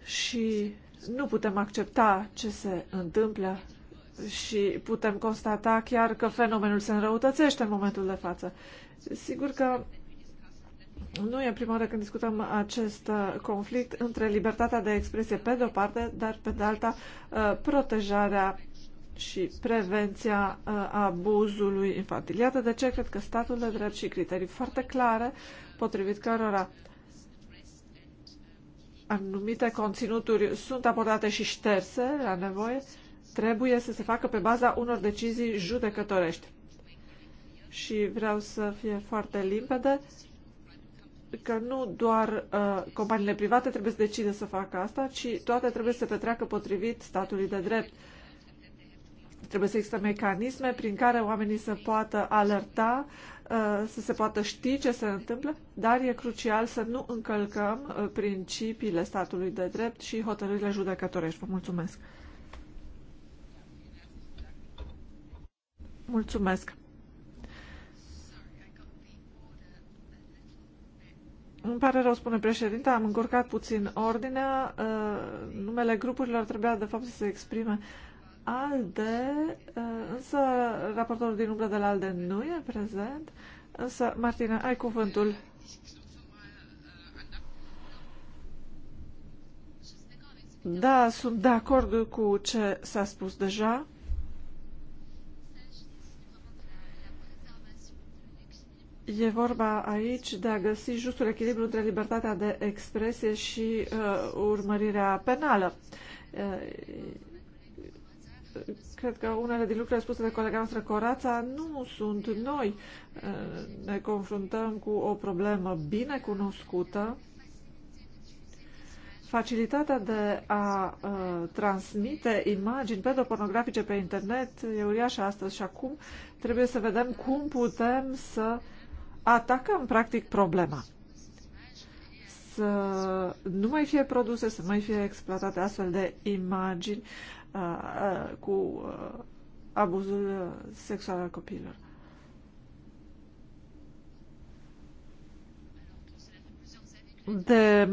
Și nu putem accepta ce se întâmplă și putem constata chiar că fenomenul se înrăutățește în momentul de față. Sigur că nu e prima oară când discutăm acest uh, conflict între libertatea de expresie pe de o parte, dar pe de alta uh, protejarea și prevenția uh, abuzului infantil. Iată de ce cred că statul de drept și criterii foarte clare potrivit cărora anumite conținuturi sunt abordate și șterse la nevoie, trebuie să se facă pe baza unor decizii judecătorești. Și vreau să fie foarte limpede, că nu doar uh, companiile private trebuie să decide să facă asta, ci toate trebuie să se petreacă potrivit statului de drept. Trebuie să există mecanisme prin care oamenii să poată alerta, uh, să se poată ști ce se întâmplă, dar e crucial să nu încălcăm uh, principiile statului de drept și hotărârile judecătorești. Vă mulțumesc! Mulțumesc! Îmi pare rău, spune președinte, am încurcat puțin ordinea. Uh, numele grupurilor trebuia, de fapt, să se exprime ALDE, uh, însă raportorul din umbră de la ALDE nu e prezent. Însă, Martina, ai cuvântul. Da, sunt de acord cu ce s-a spus deja. E vorba aici de a găsi justul echilibru între libertatea de expresie și uh, urmărirea penală. Uh, cred că unele din lucrurile spuse de colega noastră Corața nu sunt noi. Uh, ne confruntăm cu o problemă bine cunoscută. Facilitatea de a uh, transmite imagini pedopornografice pe internet e uriașă astăzi și acum trebuie să vedem cum putem să uh, atacăm practic problema. Să nu mai fie produse, să mai fie exploatate astfel de imagini uh, uh, cu uh, abuzul uh, sexual al copiilor. De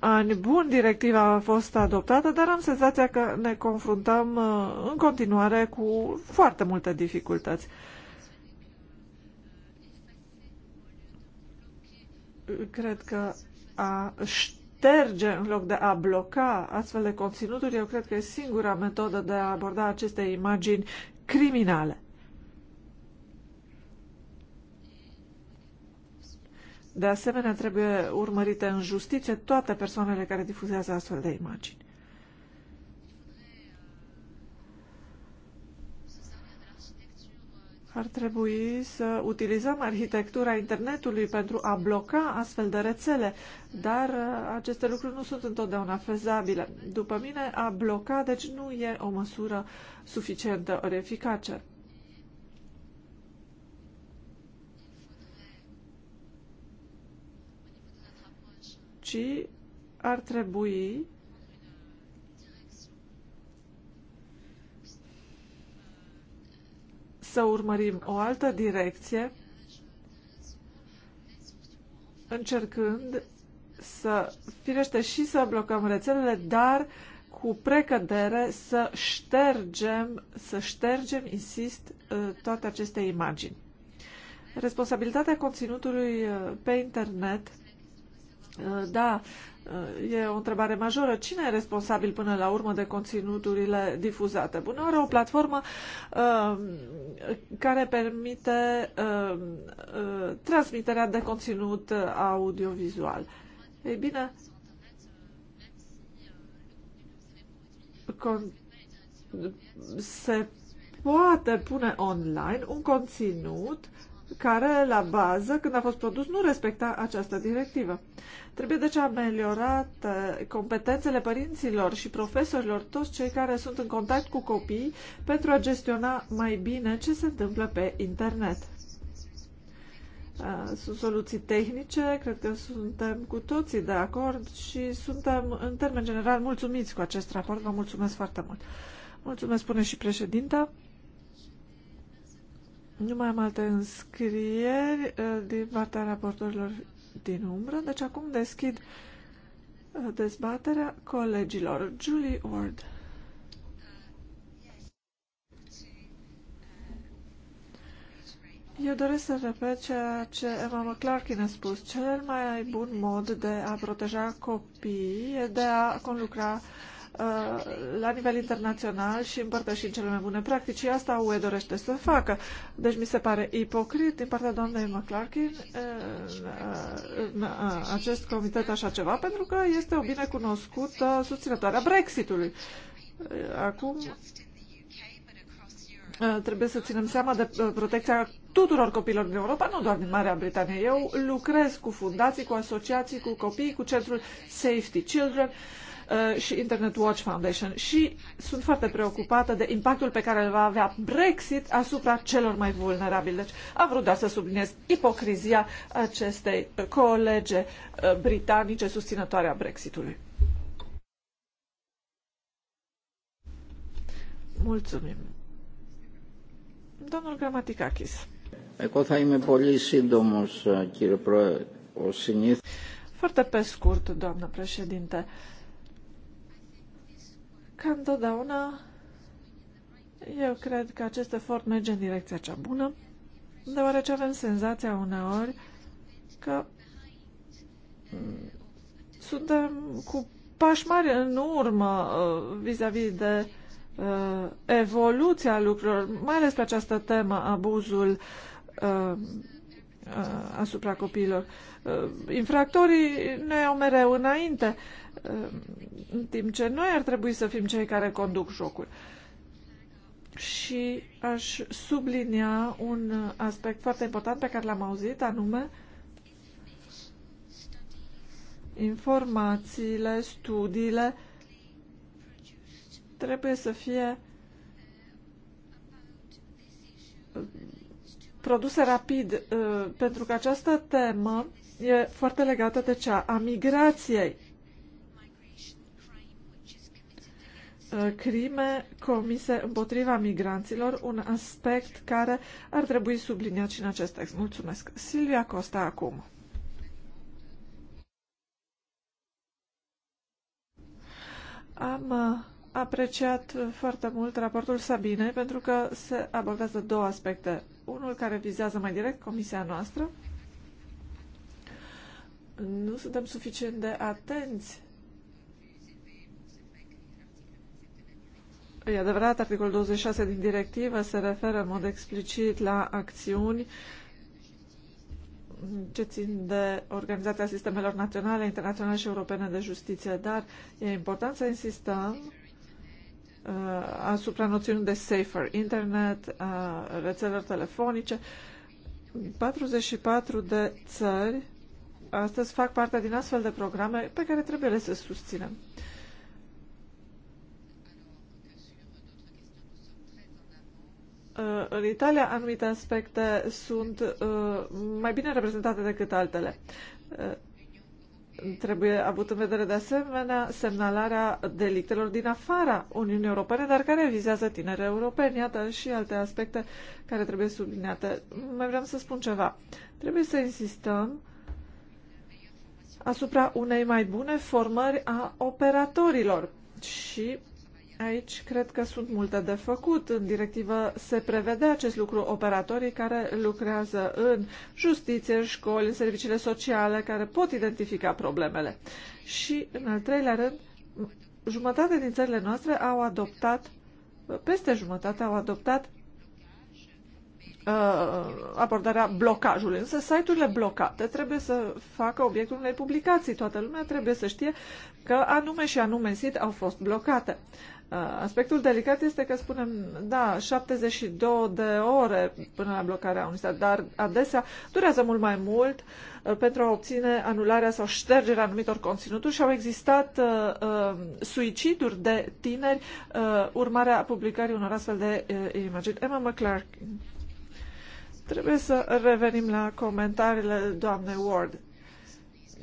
ani buni directiva a fost adoptată, dar am senzația că ne confruntăm uh, în continuare cu foarte multe dificultăți. Uh, cred că a șterge în loc de a bloca astfel de conținuturi, eu cred că e singura metodă de a aborda aceste imagini criminale. De asemenea, trebuie urmărite în justiție toate persoanele care difuzează astfel de imagini. ar trebui să utilizăm arhitectura internetului pentru a bloca astfel de rețele, dar uh, aceste lucruri nu sunt întotdeauna fezabile. După mine, a bloca, deci, nu e o măsură suficientă, ori eficace. Ci ar trebui să urmărim o altă direcție, încercând să, firește, și să blocăm rețelele, dar cu precădere să ștergem, să ștergem, insist, uh, toate aceste imagini. Responsabilitatea conținutului uh, pe internet, uh, da, E o întrebare majoră. Cine e responsabil până la urmă de conținuturile difuzate? Bună are o platformă uh, care permite uh, uh, transmiterea de conținut audiovizual. Ei bine, se poate pune online un conținut uh, care, la bază, când a fost produs, nu respecta această directivă. Trebuie deci ameliorat competențele părinților și profesorilor, toți cei care sunt în contact cu copii, pentru a gestiona mai bine ce se întâmplă pe internet. Uh, sunt soluții tehnice, cred că suntem cu toții de acord și suntem, în termen general, mulțumiți cu acest raport. Vă mulțumesc foarte mult. Mulțumesc, spune și președinta. Nu mai am alte înscrieri uh, din partea raportorilor din umbră, deci acum deschid uh, dezbaterea colegilor. Julie Ward. Eu doresc să repet ceea ce Emma Clarkin a spus. Cel mai bun mod de a proteja copiii e de a conlucra Uh, la nivel internațional și în cele mai bune practici. Și asta UE dorește să facă. Deci mi se pare ipocrit din partea doamnei McClarkin uh, uh, în acest comitet așa ceva, pentru că este o binecunoscută susținătoare a Brexitului. Acum trebuie să ținem seama de protecția tuturor copiilor din Europa, nu doar din Marea Britanie. Eu lucrez cu fundații, cu asociații, cu copii, cu centrul Safety Children. Uh, Uh, și Internet Watch Foundation și sunt foarte preocupată de impactul pe care îl va avea Brexit asupra celor mai vulnerabili. Deci am vrut doar să subliniez ipocrizia acestei colege uh, britanice susținătoare a Brexitului. Mulțumim. Domnul Gramaticakis. Εγώ θα είμαι πολύ σύντομος, κύριε Πρόεδρε. Foarte pe scurt, doamnă președinte. Uh, ca întotdeauna, eu cred că acest efort merge în direcția cea bună, deoarece avem senzația uneori că mm, suntem cu pași mari în urmă uh, vis-a-vis -vis de uh, evoluția lucrurilor, mai ales pe această temă, abuzul uh, Uh, asupra copiilor. Uh, infractorii ne au mereu înainte, uh, în timp ce noi ar trebui să fim cei care conduc jocul. Și aș sublinia un aspect foarte important pe care l-am auzit, anume informațiile, studiile trebuie să fie produse rapid, uh, pentru că această temă e foarte legată de cea a migrației. Uh, crime comise împotriva migranților, un aspect care ar trebui subliniat și în acest text. Mulțumesc. Silvia Costa acum. Am uh, apreciat foarte mult raportul Sabinei pentru că se abordează două aspecte unul care vizează mai direct comisia noastră. Nu suntem suficient de atenți. E adevărat, articolul 26 din directivă se referă în mod explicit la acțiuni ce țin de Organizația Sistemelor Naționale, Internaționale și Europene de Justiție, dar e important să insistăm Uh, asupra noțiunii de safer internet, a uh, rețelelor telefonice. 44 de țări astăzi fac parte din astfel de programe pe care trebuie le să susținem. Uh, în Italia, anumite aspecte sunt mai bine reprezentate decât altele. Trebuie avut în vedere de asemenea semnalarea delictelor din afara Uniunii Europene, dar care vizează tineri europeni. Iată și alte aspecte care trebuie subliniate. Mai vreau să spun ceva. Trebuie să insistăm asupra unei mai bune formări a operatorilor și Aici cred că sunt multe de făcut. În directivă se prevede acest lucru. Operatorii care lucrează în justiție, școli, în serviciile sociale, care pot identifica problemele. Și, în al treilea rând, jumătate din țările noastre au adoptat, peste jumătate au adoptat uh, abordarea blocajului. Însă site-urile blocate trebuie să facă obiectul unei publicații. Toată lumea trebuie să știe că anume și anume site au fost blocate. Uh, Aspectul delicat este că spunem, da, 72 de ore până la blocarea unui stat, dar adesea durează mult mai mult pentru a obține anularea sau ștergerea anumitor conținuturi și au existat uh, suiciduri de tineri uh, urmarea publicării unor astfel de uh, imagini. Emma McClark. Trebuie să revenim la comentariile doamnei Ward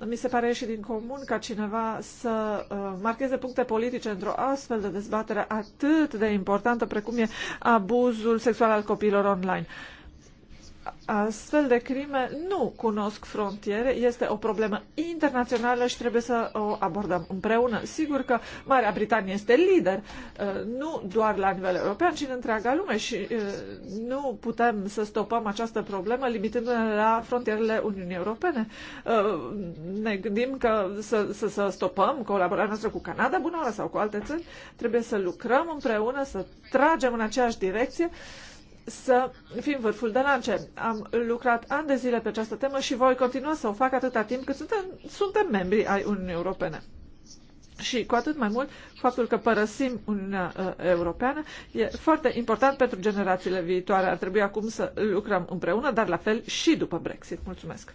mi se pare și din comun ca cineva să uh, marcheze puncte politice într-o astfel de dezbatere atât de importantă precum e abuzul sexual al copiilor online. Uh, astfel de crime nu cunosc frontiere, este o problemă internațională și trebuie să o abordăm împreună. Sigur că Marea Britanie este lider, uh, nu doar la nivel european, ci în întreaga lume și uh, nu putem să stopăm această problemă limitându-ne la frontierele Uniunii Europene. Uh, ne gândim că să, să, să stopăm colaborarea noastră cu Canada, bună sau cu alte țări, trebuie să lucrăm împreună, să tragem în aceeași direcție să fim vârful de lance. Am lucrat ani de zile pe această temă și voi continua să o fac atâta timp cât suntem, suntem membri ai Uniunii Europene. Și cu atât mai mult, faptul că părăsim Uniunea uh, Europeană e foarte important pentru generațiile viitoare. Ar trebui acum să lucrăm împreună, dar la fel și după Brexit. Mulțumesc.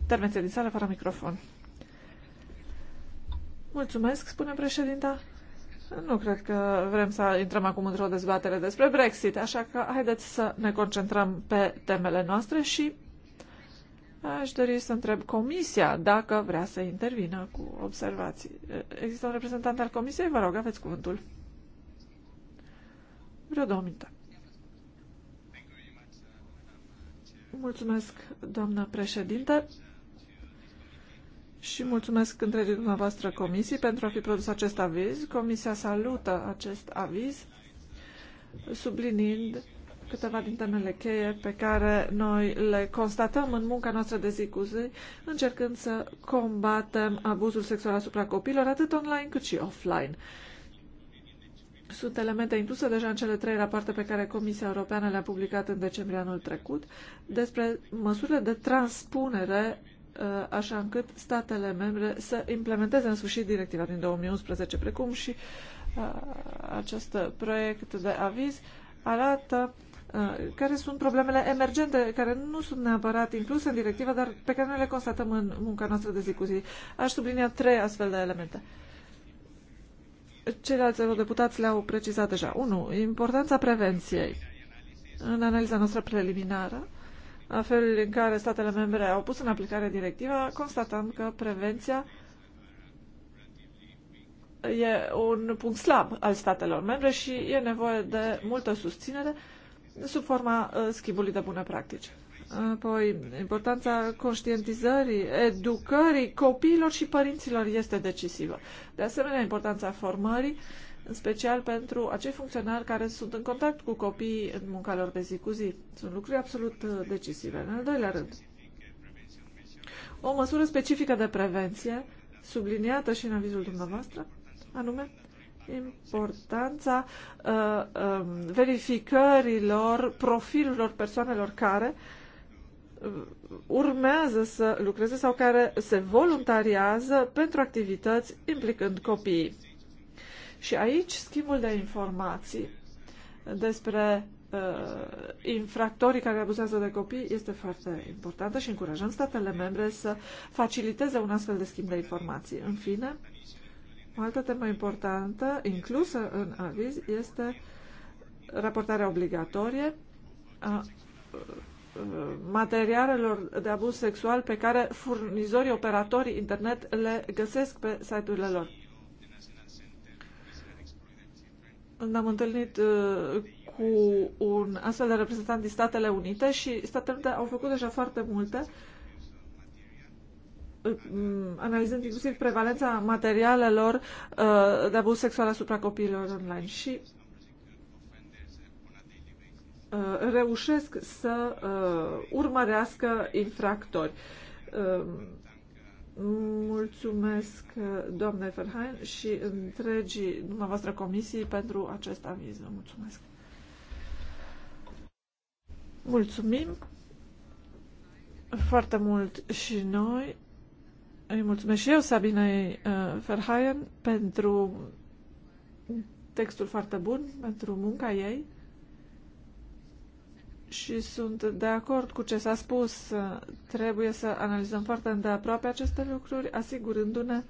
Intervenție din sală fără microfon. Mulțumesc, spune președinta. Nu cred că vrem să intrăm acum într-o dezbatere despre Brexit, așa că haideți să ne concentrăm pe temele noastre și aș dori să întreb Comisia dacă vrea să intervină cu observații. Există un reprezentant al Comisiei? Vă rog, aveți cuvântul. Vreau două minute. Mulțumesc, doamnă președinte și mulțumesc întregii dumneavoastră comisii pentru a fi produs acest aviz. Comisia salută acest aviz, subliniind câteva din temele cheie pe care noi le constatăm în munca noastră de zi cu zi, încercând să combatem abuzul sexual asupra copiilor, atât online cât și offline. Sunt elemente incluse deja în cele trei rapoarte pe care Comisia Europeană le-a publicat în decembrie anul trecut despre măsurile de transpunere Uh, așa încât statele membre să implementeze în sfârșit directiva din 2011, precum și uh, acest proiect de aviz arată uh, care sunt problemele emergente, care nu sunt neapărat incluse în directivă, dar pe care noi le constatăm în munca noastră de zi cu zi. Aș sublinia trei astfel de elemente. Ceilalți deputați le-au precizat deja. 1. Importanța prevenției. În analiza noastră preliminară, în felul în care statele membre au pus în aplicare directiva, constatăm că prevenția e un punct slab al statelor membre și e nevoie de multă susținere sub forma uh, schimbului de bune practici. Apoi, importanța conștientizării, educării copiilor și părinților este decisivă. De asemenea, importanța formării în special pentru acei funcționari care sunt în contact cu copiii în munca lor de zi cu zi. Sunt lucruri absolut uh, decisive. În al doilea rând, o măsură specifică de prevenție, subliniată și în avizul dumneavoastră, anume importanța uh, um, verificărilor profilurilor persoanelor care uh, urmează să lucreze sau care se voluntariază pentru activități implicând copiii. Și aici schimbul de informații despre uh, infractorii care abuzează de copii este foarte importantă și încurajăm statele membre să faciliteze un astfel de schimb de informații. În fine, o altă temă importantă inclusă în aviz este raportarea obligatorie a uh, materialelor de abuz sexual pe care furnizorii, operatorii internet le găsesc pe site-urile lor. ne-am întâlnit uh, cu un astfel de reprezentant din Statele Unite și Statele Unite au făcut deja foarte multe, uh, analizând inclusiv prevalența materialelor uh, de abuz sexual asupra copiilor online și reușesc să urmărească infractori Mulțumesc, doamne Ferhain, și întregii dumneavoastră comisii pentru acest aviz. Vă mulțumesc. Mulțumim foarte mult și noi. Îi mulțumesc și eu, Sabina uh, Ferhain, pentru textul foarte bun, pentru munca ei și sunt de acord cu ce s-a spus. Trebuie să analizăm foarte îndeaproape aceste lucruri, asigurându-ne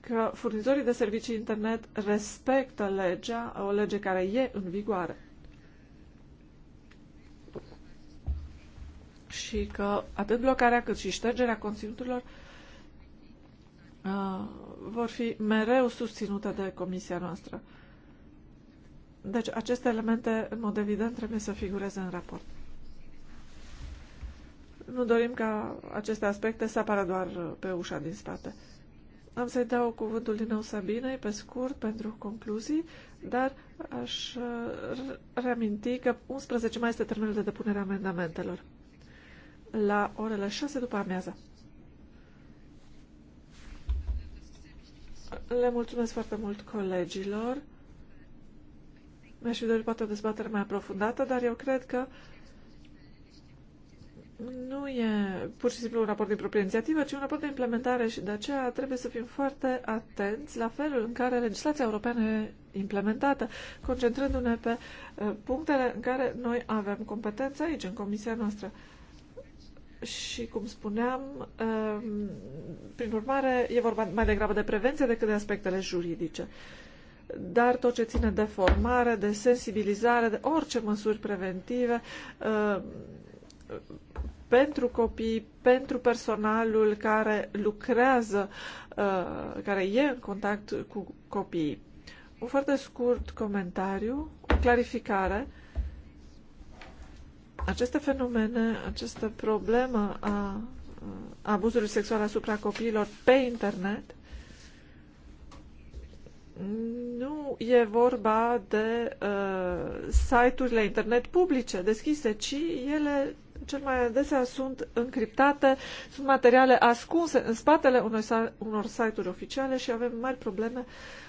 că furnizorii de servicii internet respectă legea, o lege care e în vigoare. Și că atât blocarea cât și ștergerea conținuturilor uh, vor fi mereu susținute de comisia noastră. Deci aceste elemente, în mod evident, trebuie să figureze în raport. Nu dorim ca aceste aspecte să apară doar pe ușa din spate. Am să-i dau cuvântul din nou Sabinei, pe scurt, pentru concluzii, dar aș uh, reaminti că 11 mai este termenul de depunere a amendamentelor, la orele 6 după amiază. Le mulțumesc foarte mult colegilor. Mi-aș fi dorit poate o dezbatere mai aprofundată, dar eu cred că nu e pur și simplu un raport din proprie inițiativă, ci un raport de implementare și de aceea trebuie să fim foarte atenți la felul în care legislația europeană e implementată, concentrându-ne pe uh, punctele în care noi avem competență aici, în comisia noastră. Și, cum spuneam, uh, prin urmare, e vorba mai degrabă de prevenție decât de aspectele juridice dar tot ce ține de formare, de sensibilizare, de orice măsuri preventive uh, pentru copii, pentru personalul care lucrează, uh, care e în contact cu copiii. Un foarte scurt comentariu, o clarificare. Aceste fenomene, această problemă a abuzului sexual asupra copiilor pe internet nu e vorba de uh, site-urile internet publice deschise, ci ele cel mai adesea sunt încriptate, sunt materiale ascunse în spatele unor, unor site-uri oficiale și avem mari probleme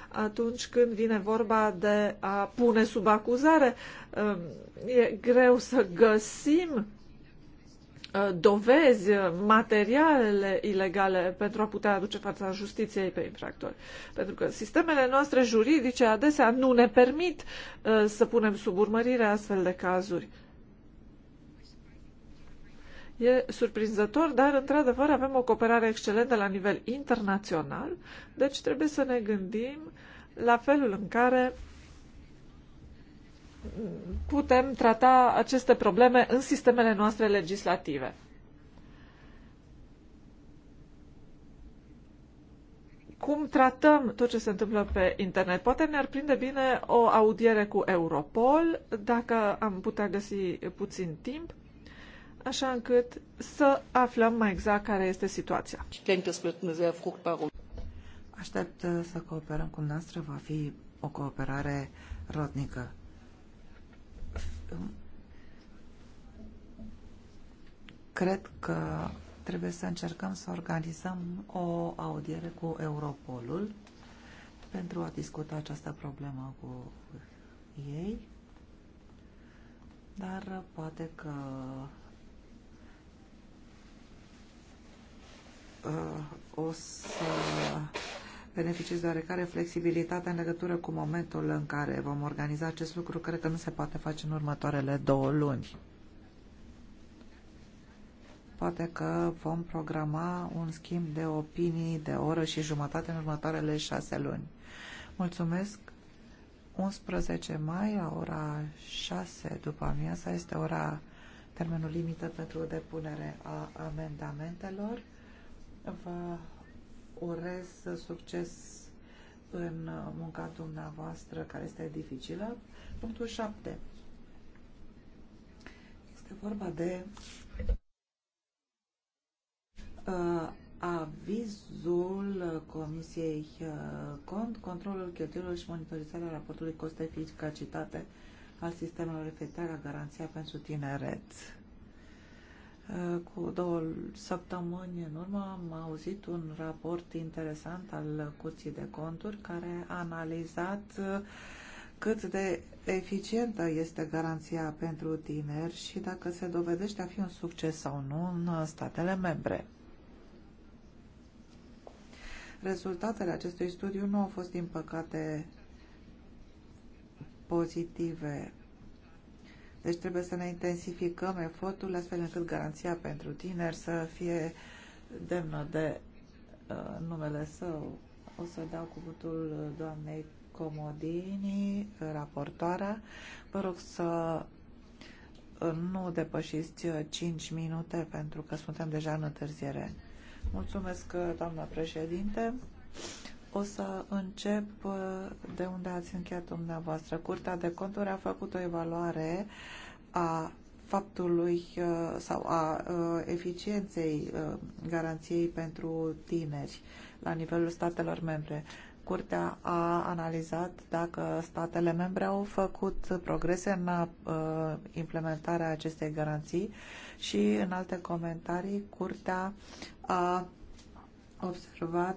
atunci când vine vorba de a pune sub acuzare. Um, e greu să găsim Uh, dovezi, uh, materialele ilegale pentru a putea aduce fața justiției pe infractori. Pentru că sistemele noastre juridice adesea nu ne permit uh, să punem sub urmărire astfel de cazuri. E surprinzător, dar într-adevăr avem o cooperare excelentă la nivel internațional, deci trebuie să ne gândim la felul în care putem trata aceste probleme în sistemele noastre legislative. Cum tratăm tot ce se întâmplă pe internet? Poate ne-ar prinde bine o audiere cu Europol, dacă am putea găsi puțin timp, așa încât să aflăm mai exact care este situația. Aștept uh, să cooperăm cu noastră, va fi o cooperare rodnică. Cred că trebuie să încercăm să organizăm o audiere cu Europolul pentru a discuta această problemă cu ei, dar poate că uh, o să beneficiez de oarecare flexibilitate în legătură cu momentul în care vom organiza acest lucru. Cred că nu se poate face în următoarele două luni. Poate că vom programa un schimb de opinii de oră și jumătate în următoarele șase luni. Mulțumesc! 11 mai la ora 6 după amiaza este ora termenul limită pentru depunere a amendamentelor. Vă urez succes în uh, munca dumneavoastră care este dificilă. Punctul 7. Este vorba de uh, avizul Comisiei uh, Cont, controlul cheltuielor și monitorizarea raportului cost-eficacitate al sistemelor referitoare la garanția pentru tineret. Eh, cu două săptămâni în urmă am auzit un raport interesant al Curții de Conturi care a analizat eh, cât de eficientă este garanția pentru tineri și dacă se dovedește a fi un succes sau nu în statele membre. Rezultatele acestui studiu nu au fost, din păcate, pozitive. Deci trebuie să ne intensificăm efortul astfel încât garanția pentru tineri să fie demnă de uh, numele său. O să dau cuvântul doamnei Comodini, raportoarea. Vă rog să uh, nu depășiți 5 uh, minute pentru că suntem deja în întârziere. Mulțumesc, uh, doamna președinte. O să încep uh, de unde ați încheiat dumneavoastră. Curtea de conturi a făcut o evaluare a faptului uh, sau a uh, eficienței garanției pentru tineri la nivelul statelor membre. Curtea a analizat dacă statele membre au făcut progrese în implementarea acestei garanții și în alte comentarii Curtea a observat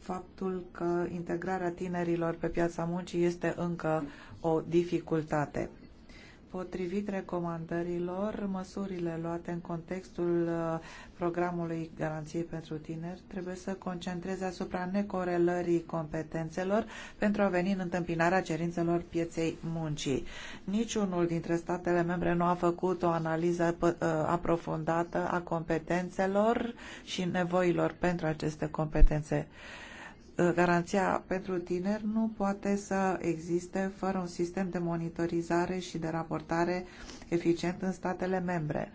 faptul că integrarea tinerilor pe piața muncii este încă o dificultate. Potrivit recomandărilor, măsurile luate în contextul uh, programului Garanției pentru Tineri trebuie să concentreze asupra necorelării competențelor pentru a veni în întâmpinarea cerințelor pieței muncii. Niciunul dintre statele membre nu a făcut o analiză uh, aprofundată a competențelor și nevoilor pentru aceste competențe. Uh, garanția pentru tineri nu poate să existe fără un sistem de monitorizare și de raportare eficient în statele membre.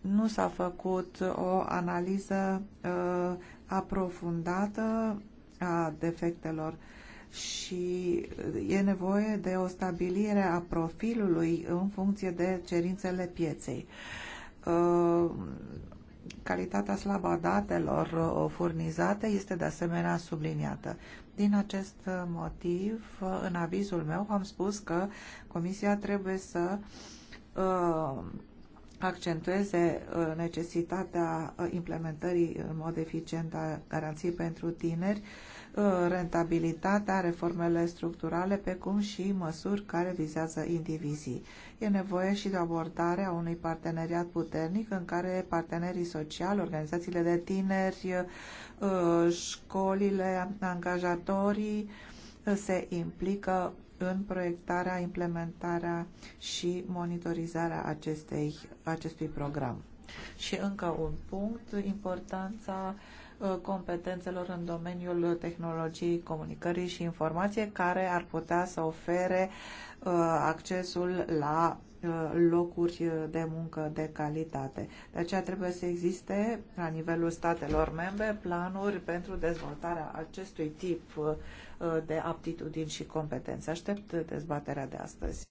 Nu s-a făcut o analiză uh, aprofundată a defectelor și e nevoie de o stabilire a profilului în funcție de cerințele pieței. Uh, calitatea slabă a datelor uh, furnizate este de asemenea subliniată. Din acest uh, motiv, uh, în avizul meu am spus că Comisia trebuie să accentueze necesitatea implementării în mod eficient a garanției pentru tineri Uh, rentabilitatea, reformele structurale, pe cum și măsuri care vizează indivizii. E nevoie și de abordarea unui parteneriat puternic în care partenerii sociali, organizațiile de tineri, uh, școlile, angajatorii uh, se implică în proiectarea, implementarea și monitorizarea acestei, acestui program. Și încă un punct, importanța uh, Uh, competențelor în domeniul tehnologiei comunicării și informație care ar putea să ofere uh, accesul la uh, locuri de muncă de calitate. De aceea trebuie să existe la nivelul statelor membre planuri pentru dezvoltarea acestui tip de aptitudini și competențe. Aștept dezbaterea de astăzi.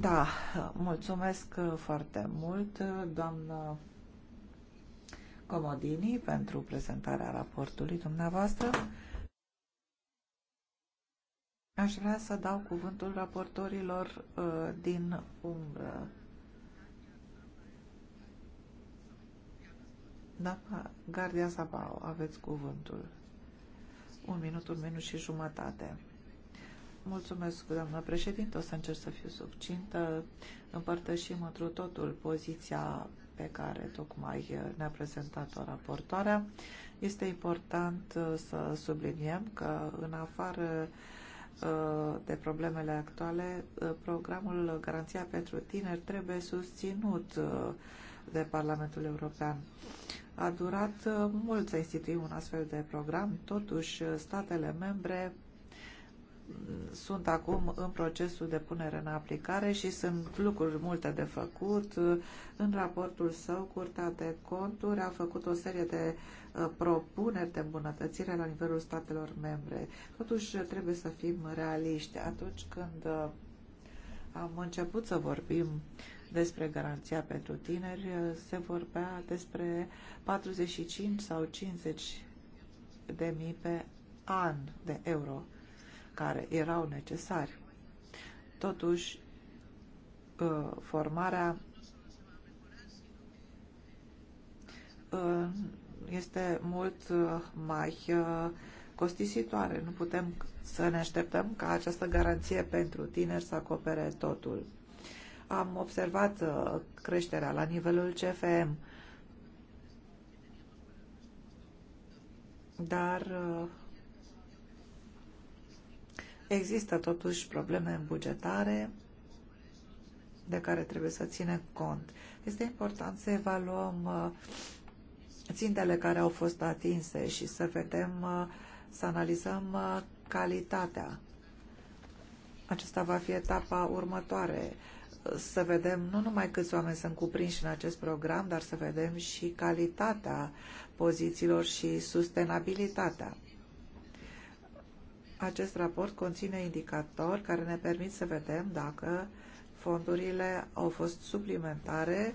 Da, mulțumesc foarte mult, doamnă Comodini pentru prezentarea raportului dumneavoastră. Aș vrea să dau cuvântul raportorilor uh, din umbră. Da, Gardia Sabau, aveți cuvântul. Un minut, un minut și jumătate. Mulțumesc, doamnă președinte, o să încerc să fiu subcintă. Împărtășim într-o totul poziția pe care tocmai ne-a prezentat-o raportoarea. Este important uh, să subliniem că în afară uh, de problemele actuale, uh, programul Garanția pentru Tineri trebuie susținut de Parlamentul European. A durat mult să instituim un astfel de program, totuși statele membre sunt acum în procesul de punere în aplicare și sunt lucruri multe de făcut. În raportul său, Curtea de Conturi a făcut o serie de uh, propuneri de îmbunătățire la nivelul statelor membre. Totuși, trebuie să fim realiști. Atunci când uh, am început să vorbim despre garanția pentru tineri, uh, se vorbea despre 45 sau 50 de mii pe an de euro care erau necesari. Totuși, ă, formarea ă, este mult ă, mai costisitoare. Nu putem să ne așteptăm ca această garanție pentru tineri să acopere totul. Am observat creșterea la nivelul CFM, dar Există totuși probleme bugetare de care trebuie să ține cont. Este important să evaluăm uh, țintele care au fost atinse și să vedem, uh, să analizăm uh, calitatea. Acesta va fi etapa următoare. Să vedem nu numai câți oameni sunt cuprinși în acest program, dar să vedem și calitatea pozițiilor și sustenabilitatea. Acest raport conține indicatori care ne permit să vedem dacă fondurile au fost suplimentare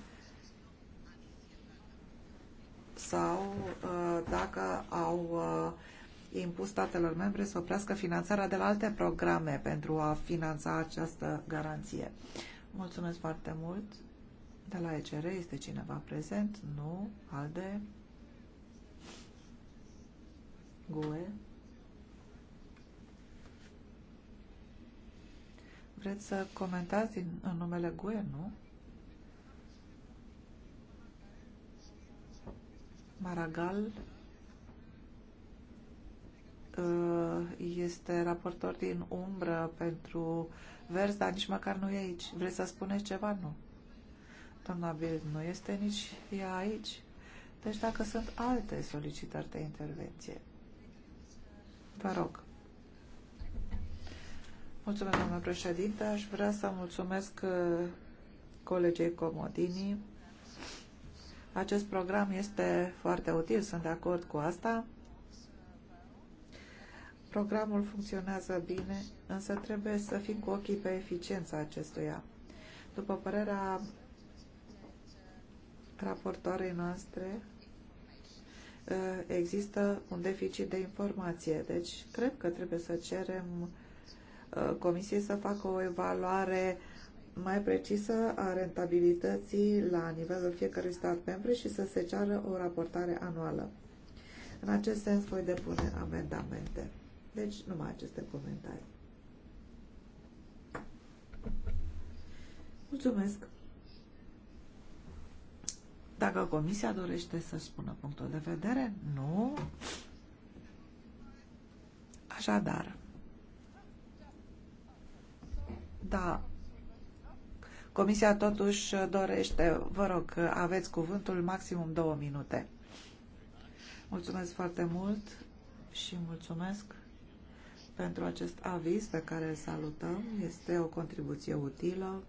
sau uh, dacă au uh, impus statelor membre să oprească finanțarea de la alte programe pentru a finanța această garanție. Mulțumesc foarte mult. De la ECR este cineva prezent? Nu. Alde? GUE? vreți să comentați în, în numele GUE, nu? Maragal ă, este raportor din umbră pentru vers, dar nici măcar nu e aici. Vreți să spuneți ceva? Nu. Doamna Bild nu este nici ea aici. Deci dacă sunt alte solicitări de intervenție, vă rog. Mulțumesc, doamnă președinte. Aș vrea să mulțumesc uh, colegei Comodini. Acest program este foarte util, sunt de acord cu asta. Programul funcționează bine, însă trebuie să fim cu ochii pe eficiența acestuia. După părerea raportoarei noastre, uh, există un deficit de informație, deci cred că trebuie să cerem Uh, Comisiei să facă o evaluare mai precisă a rentabilității la nivelul fiecărui stat membru și să se ceară o raportare anuală. În acest sens voi depune amendamente. Deci numai aceste comentarii. Mulțumesc! Dacă comisia dorește să spună punctul de vedere, nu. Așadar, da. Comisia totuși dorește, vă rog, aveți cuvântul maximum două minute. Mulțumesc foarte mult și mulțumesc pentru acest aviz pe care îl salutăm. Este o contribuție utilă.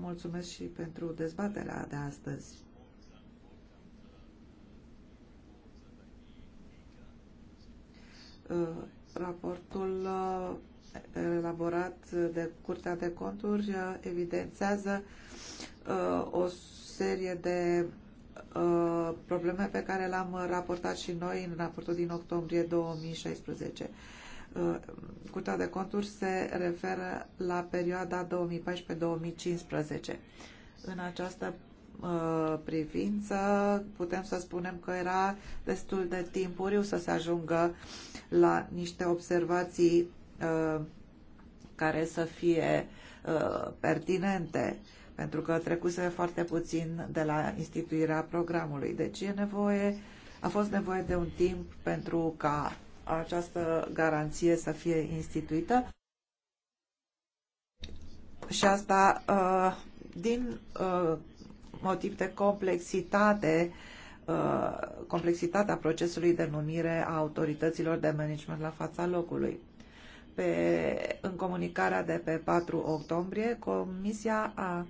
Mulțumesc și pentru dezbaterea de astăzi. Uh, Raportul uh, elaborat de Curtea de Conturi uh, evidențează uh, o serie de probleme pe care le-am raportat și noi în raportul din octombrie 2016. Curtea de conturi se referă la perioada 2014-2015. În această Uh, privință putem să spunem că era destul de timpuriu să se ajungă la niște observații uh, care să fie uh, pertinente pentru că trecuse foarte puțin de la instituirea programului. Deci e nevoie, a fost nevoie de un timp pentru ca această garanție să fie instituită și asta din motiv de complexitate uh, complexitatea procesului de numire a autorităților de management la fața locului. Pe, în comunicarea de pe 4 octombrie, Comisia a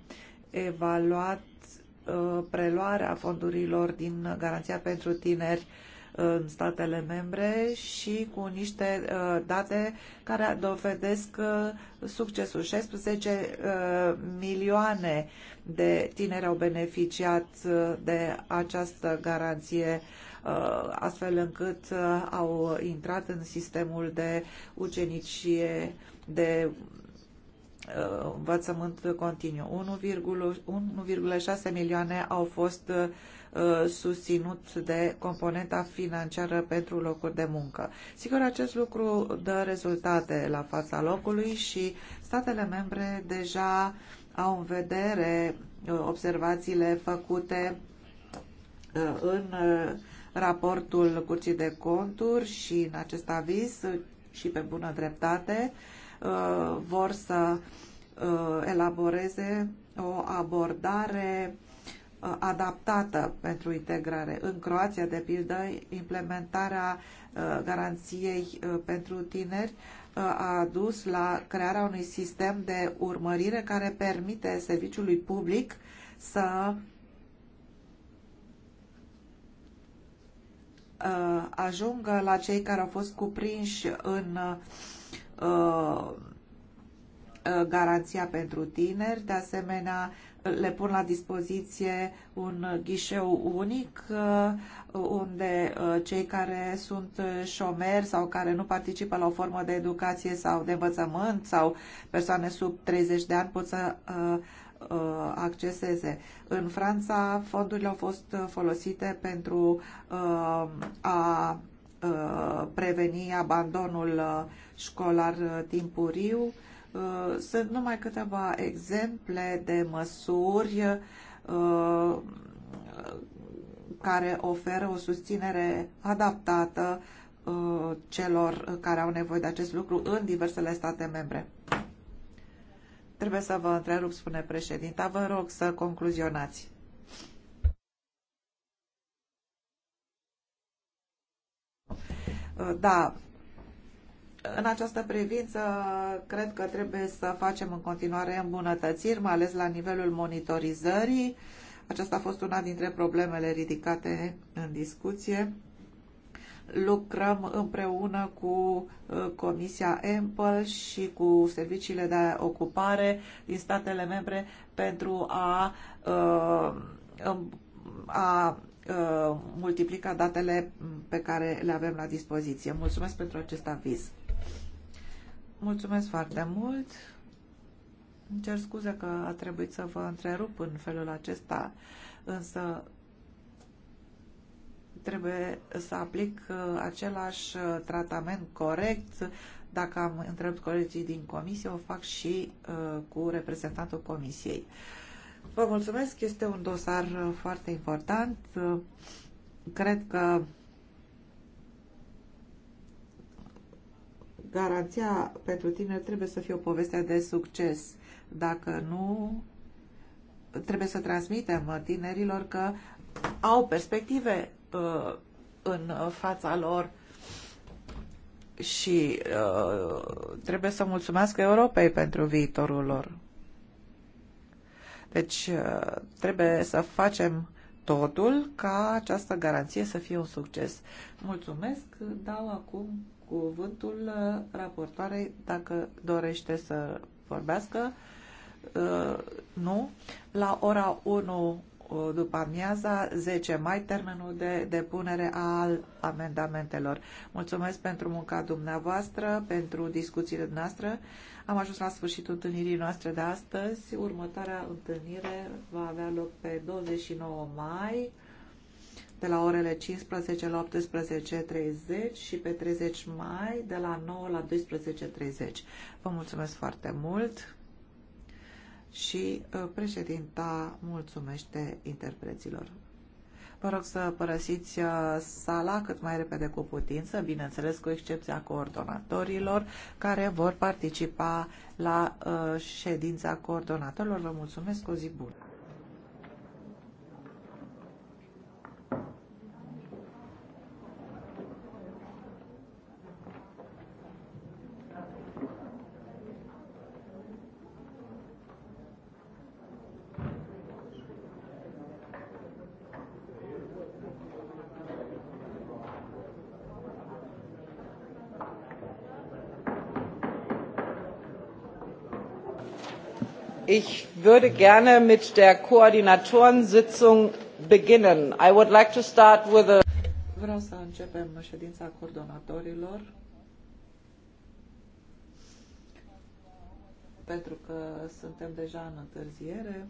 evaluat uh, preluarea fondurilor din Garanția pentru Tineri uh, în statele membre și cu niște uh, date care dovedesc uh, succesul. 16 uh, milioane de tineri au beneficiat de această garanție astfel încât au intrat în sistemul de ucenicie de învățământ continuu. 1,6 milioane au fost Uh, susținut de componenta financiară pentru locuri de muncă. Sigur, acest lucru dă rezultate la fața locului și statele membre deja au în vedere uh, observațiile făcute uh, în raportul Curții de Conturi și în acest aviz și pe bună dreptate vor să elaboreze o abordare Uh, adaptată pentru integrare. În Croația, de pildă, implementarea uh, garanției uh, pentru tineri a dus la crearea unui sistem de urmărire care permite serviciului public să ajungă la cei care au fost cuprinși în garanția pentru tineri, de asemenea le pun la dispoziție un ghișeu unic uh, unde uh, cei care sunt șomeri sau care nu participă la o formă de educație sau de învățământ sau persoane sub 30 de ani pot să uh, acceseze. În Franța, fondurile au fost folosite pentru a preveni abandonul școlar timpuriu, Uh, sunt numai câteva exemple de măsuri uh, care oferă o susținere adaptată uh, celor care au nevoie de acest lucru în diversele state membre. Trebuie să vă întrerup, spune președinta. Vă rog să concluzionați. Da, în această privință, cred că trebuie să facem în continuare îmbunătățiri, mai ales la nivelul monitorizării. Aceasta a fost una dintre problemele ridicate în discuție. Lucrăm împreună cu uh, Comisia EMPL și cu serviciile de ocupare din statele membre pentru a, uh, a, a uh, multiplica datele pe care le avem la dispoziție. Mulțumesc pentru acest aviz. Mulțumesc foarte mult. Îmi cer scuze că a trebuit să vă întrerup în felul acesta, însă trebuie să aplic uh, același uh, tratament corect. Dacă am întrebat colegii din comisie, o fac și uh, cu reprezentantul comisiei. Vă mulțumesc, este un dosar foarte important. Cred că garanția pentru tineri trebuie să fie o poveste de succes. Dacă nu, trebuie să transmitem tinerilor că au perspective uh, în fața lor și uh, trebuie să mulțumesc Europei pentru viitorul lor. Deci uh, trebuie să facem totul ca această garanție să fie un succes. Mulțumesc, dau acum cuvântul uh, raportoarei dacă dorește să vorbească. Uh, nu. La ora 1 uh, după amiaza, 10 mai, termenul de depunere al amendamentelor. Mulțumesc pentru munca dumneavoastră, pentru discuțiile noastre. Am ajuns la sfârșitul întâlnirii noastre de astăzi. Următoarea întâlnire va avea loc pe 29 mai de la orele 15 la 18.30 și pe 30 mai de la 9 la 12.30. Vă mulțumesc foarte mult și uh, președinta mulțumește interpreților. Vă rog să părăsiți uh, sala cât mai repede cu putință, bineînțeles cu excepția coordonatorilor care vor participa la uh, ședința coordonatorilor. Vă mulțumesc, o zi bună! ich würde gerne mit der Koordinatorensitzung beginnen. I would like to start with a Vreau să începem ședința coordonatorilor pentru că suntem deja în întârziere.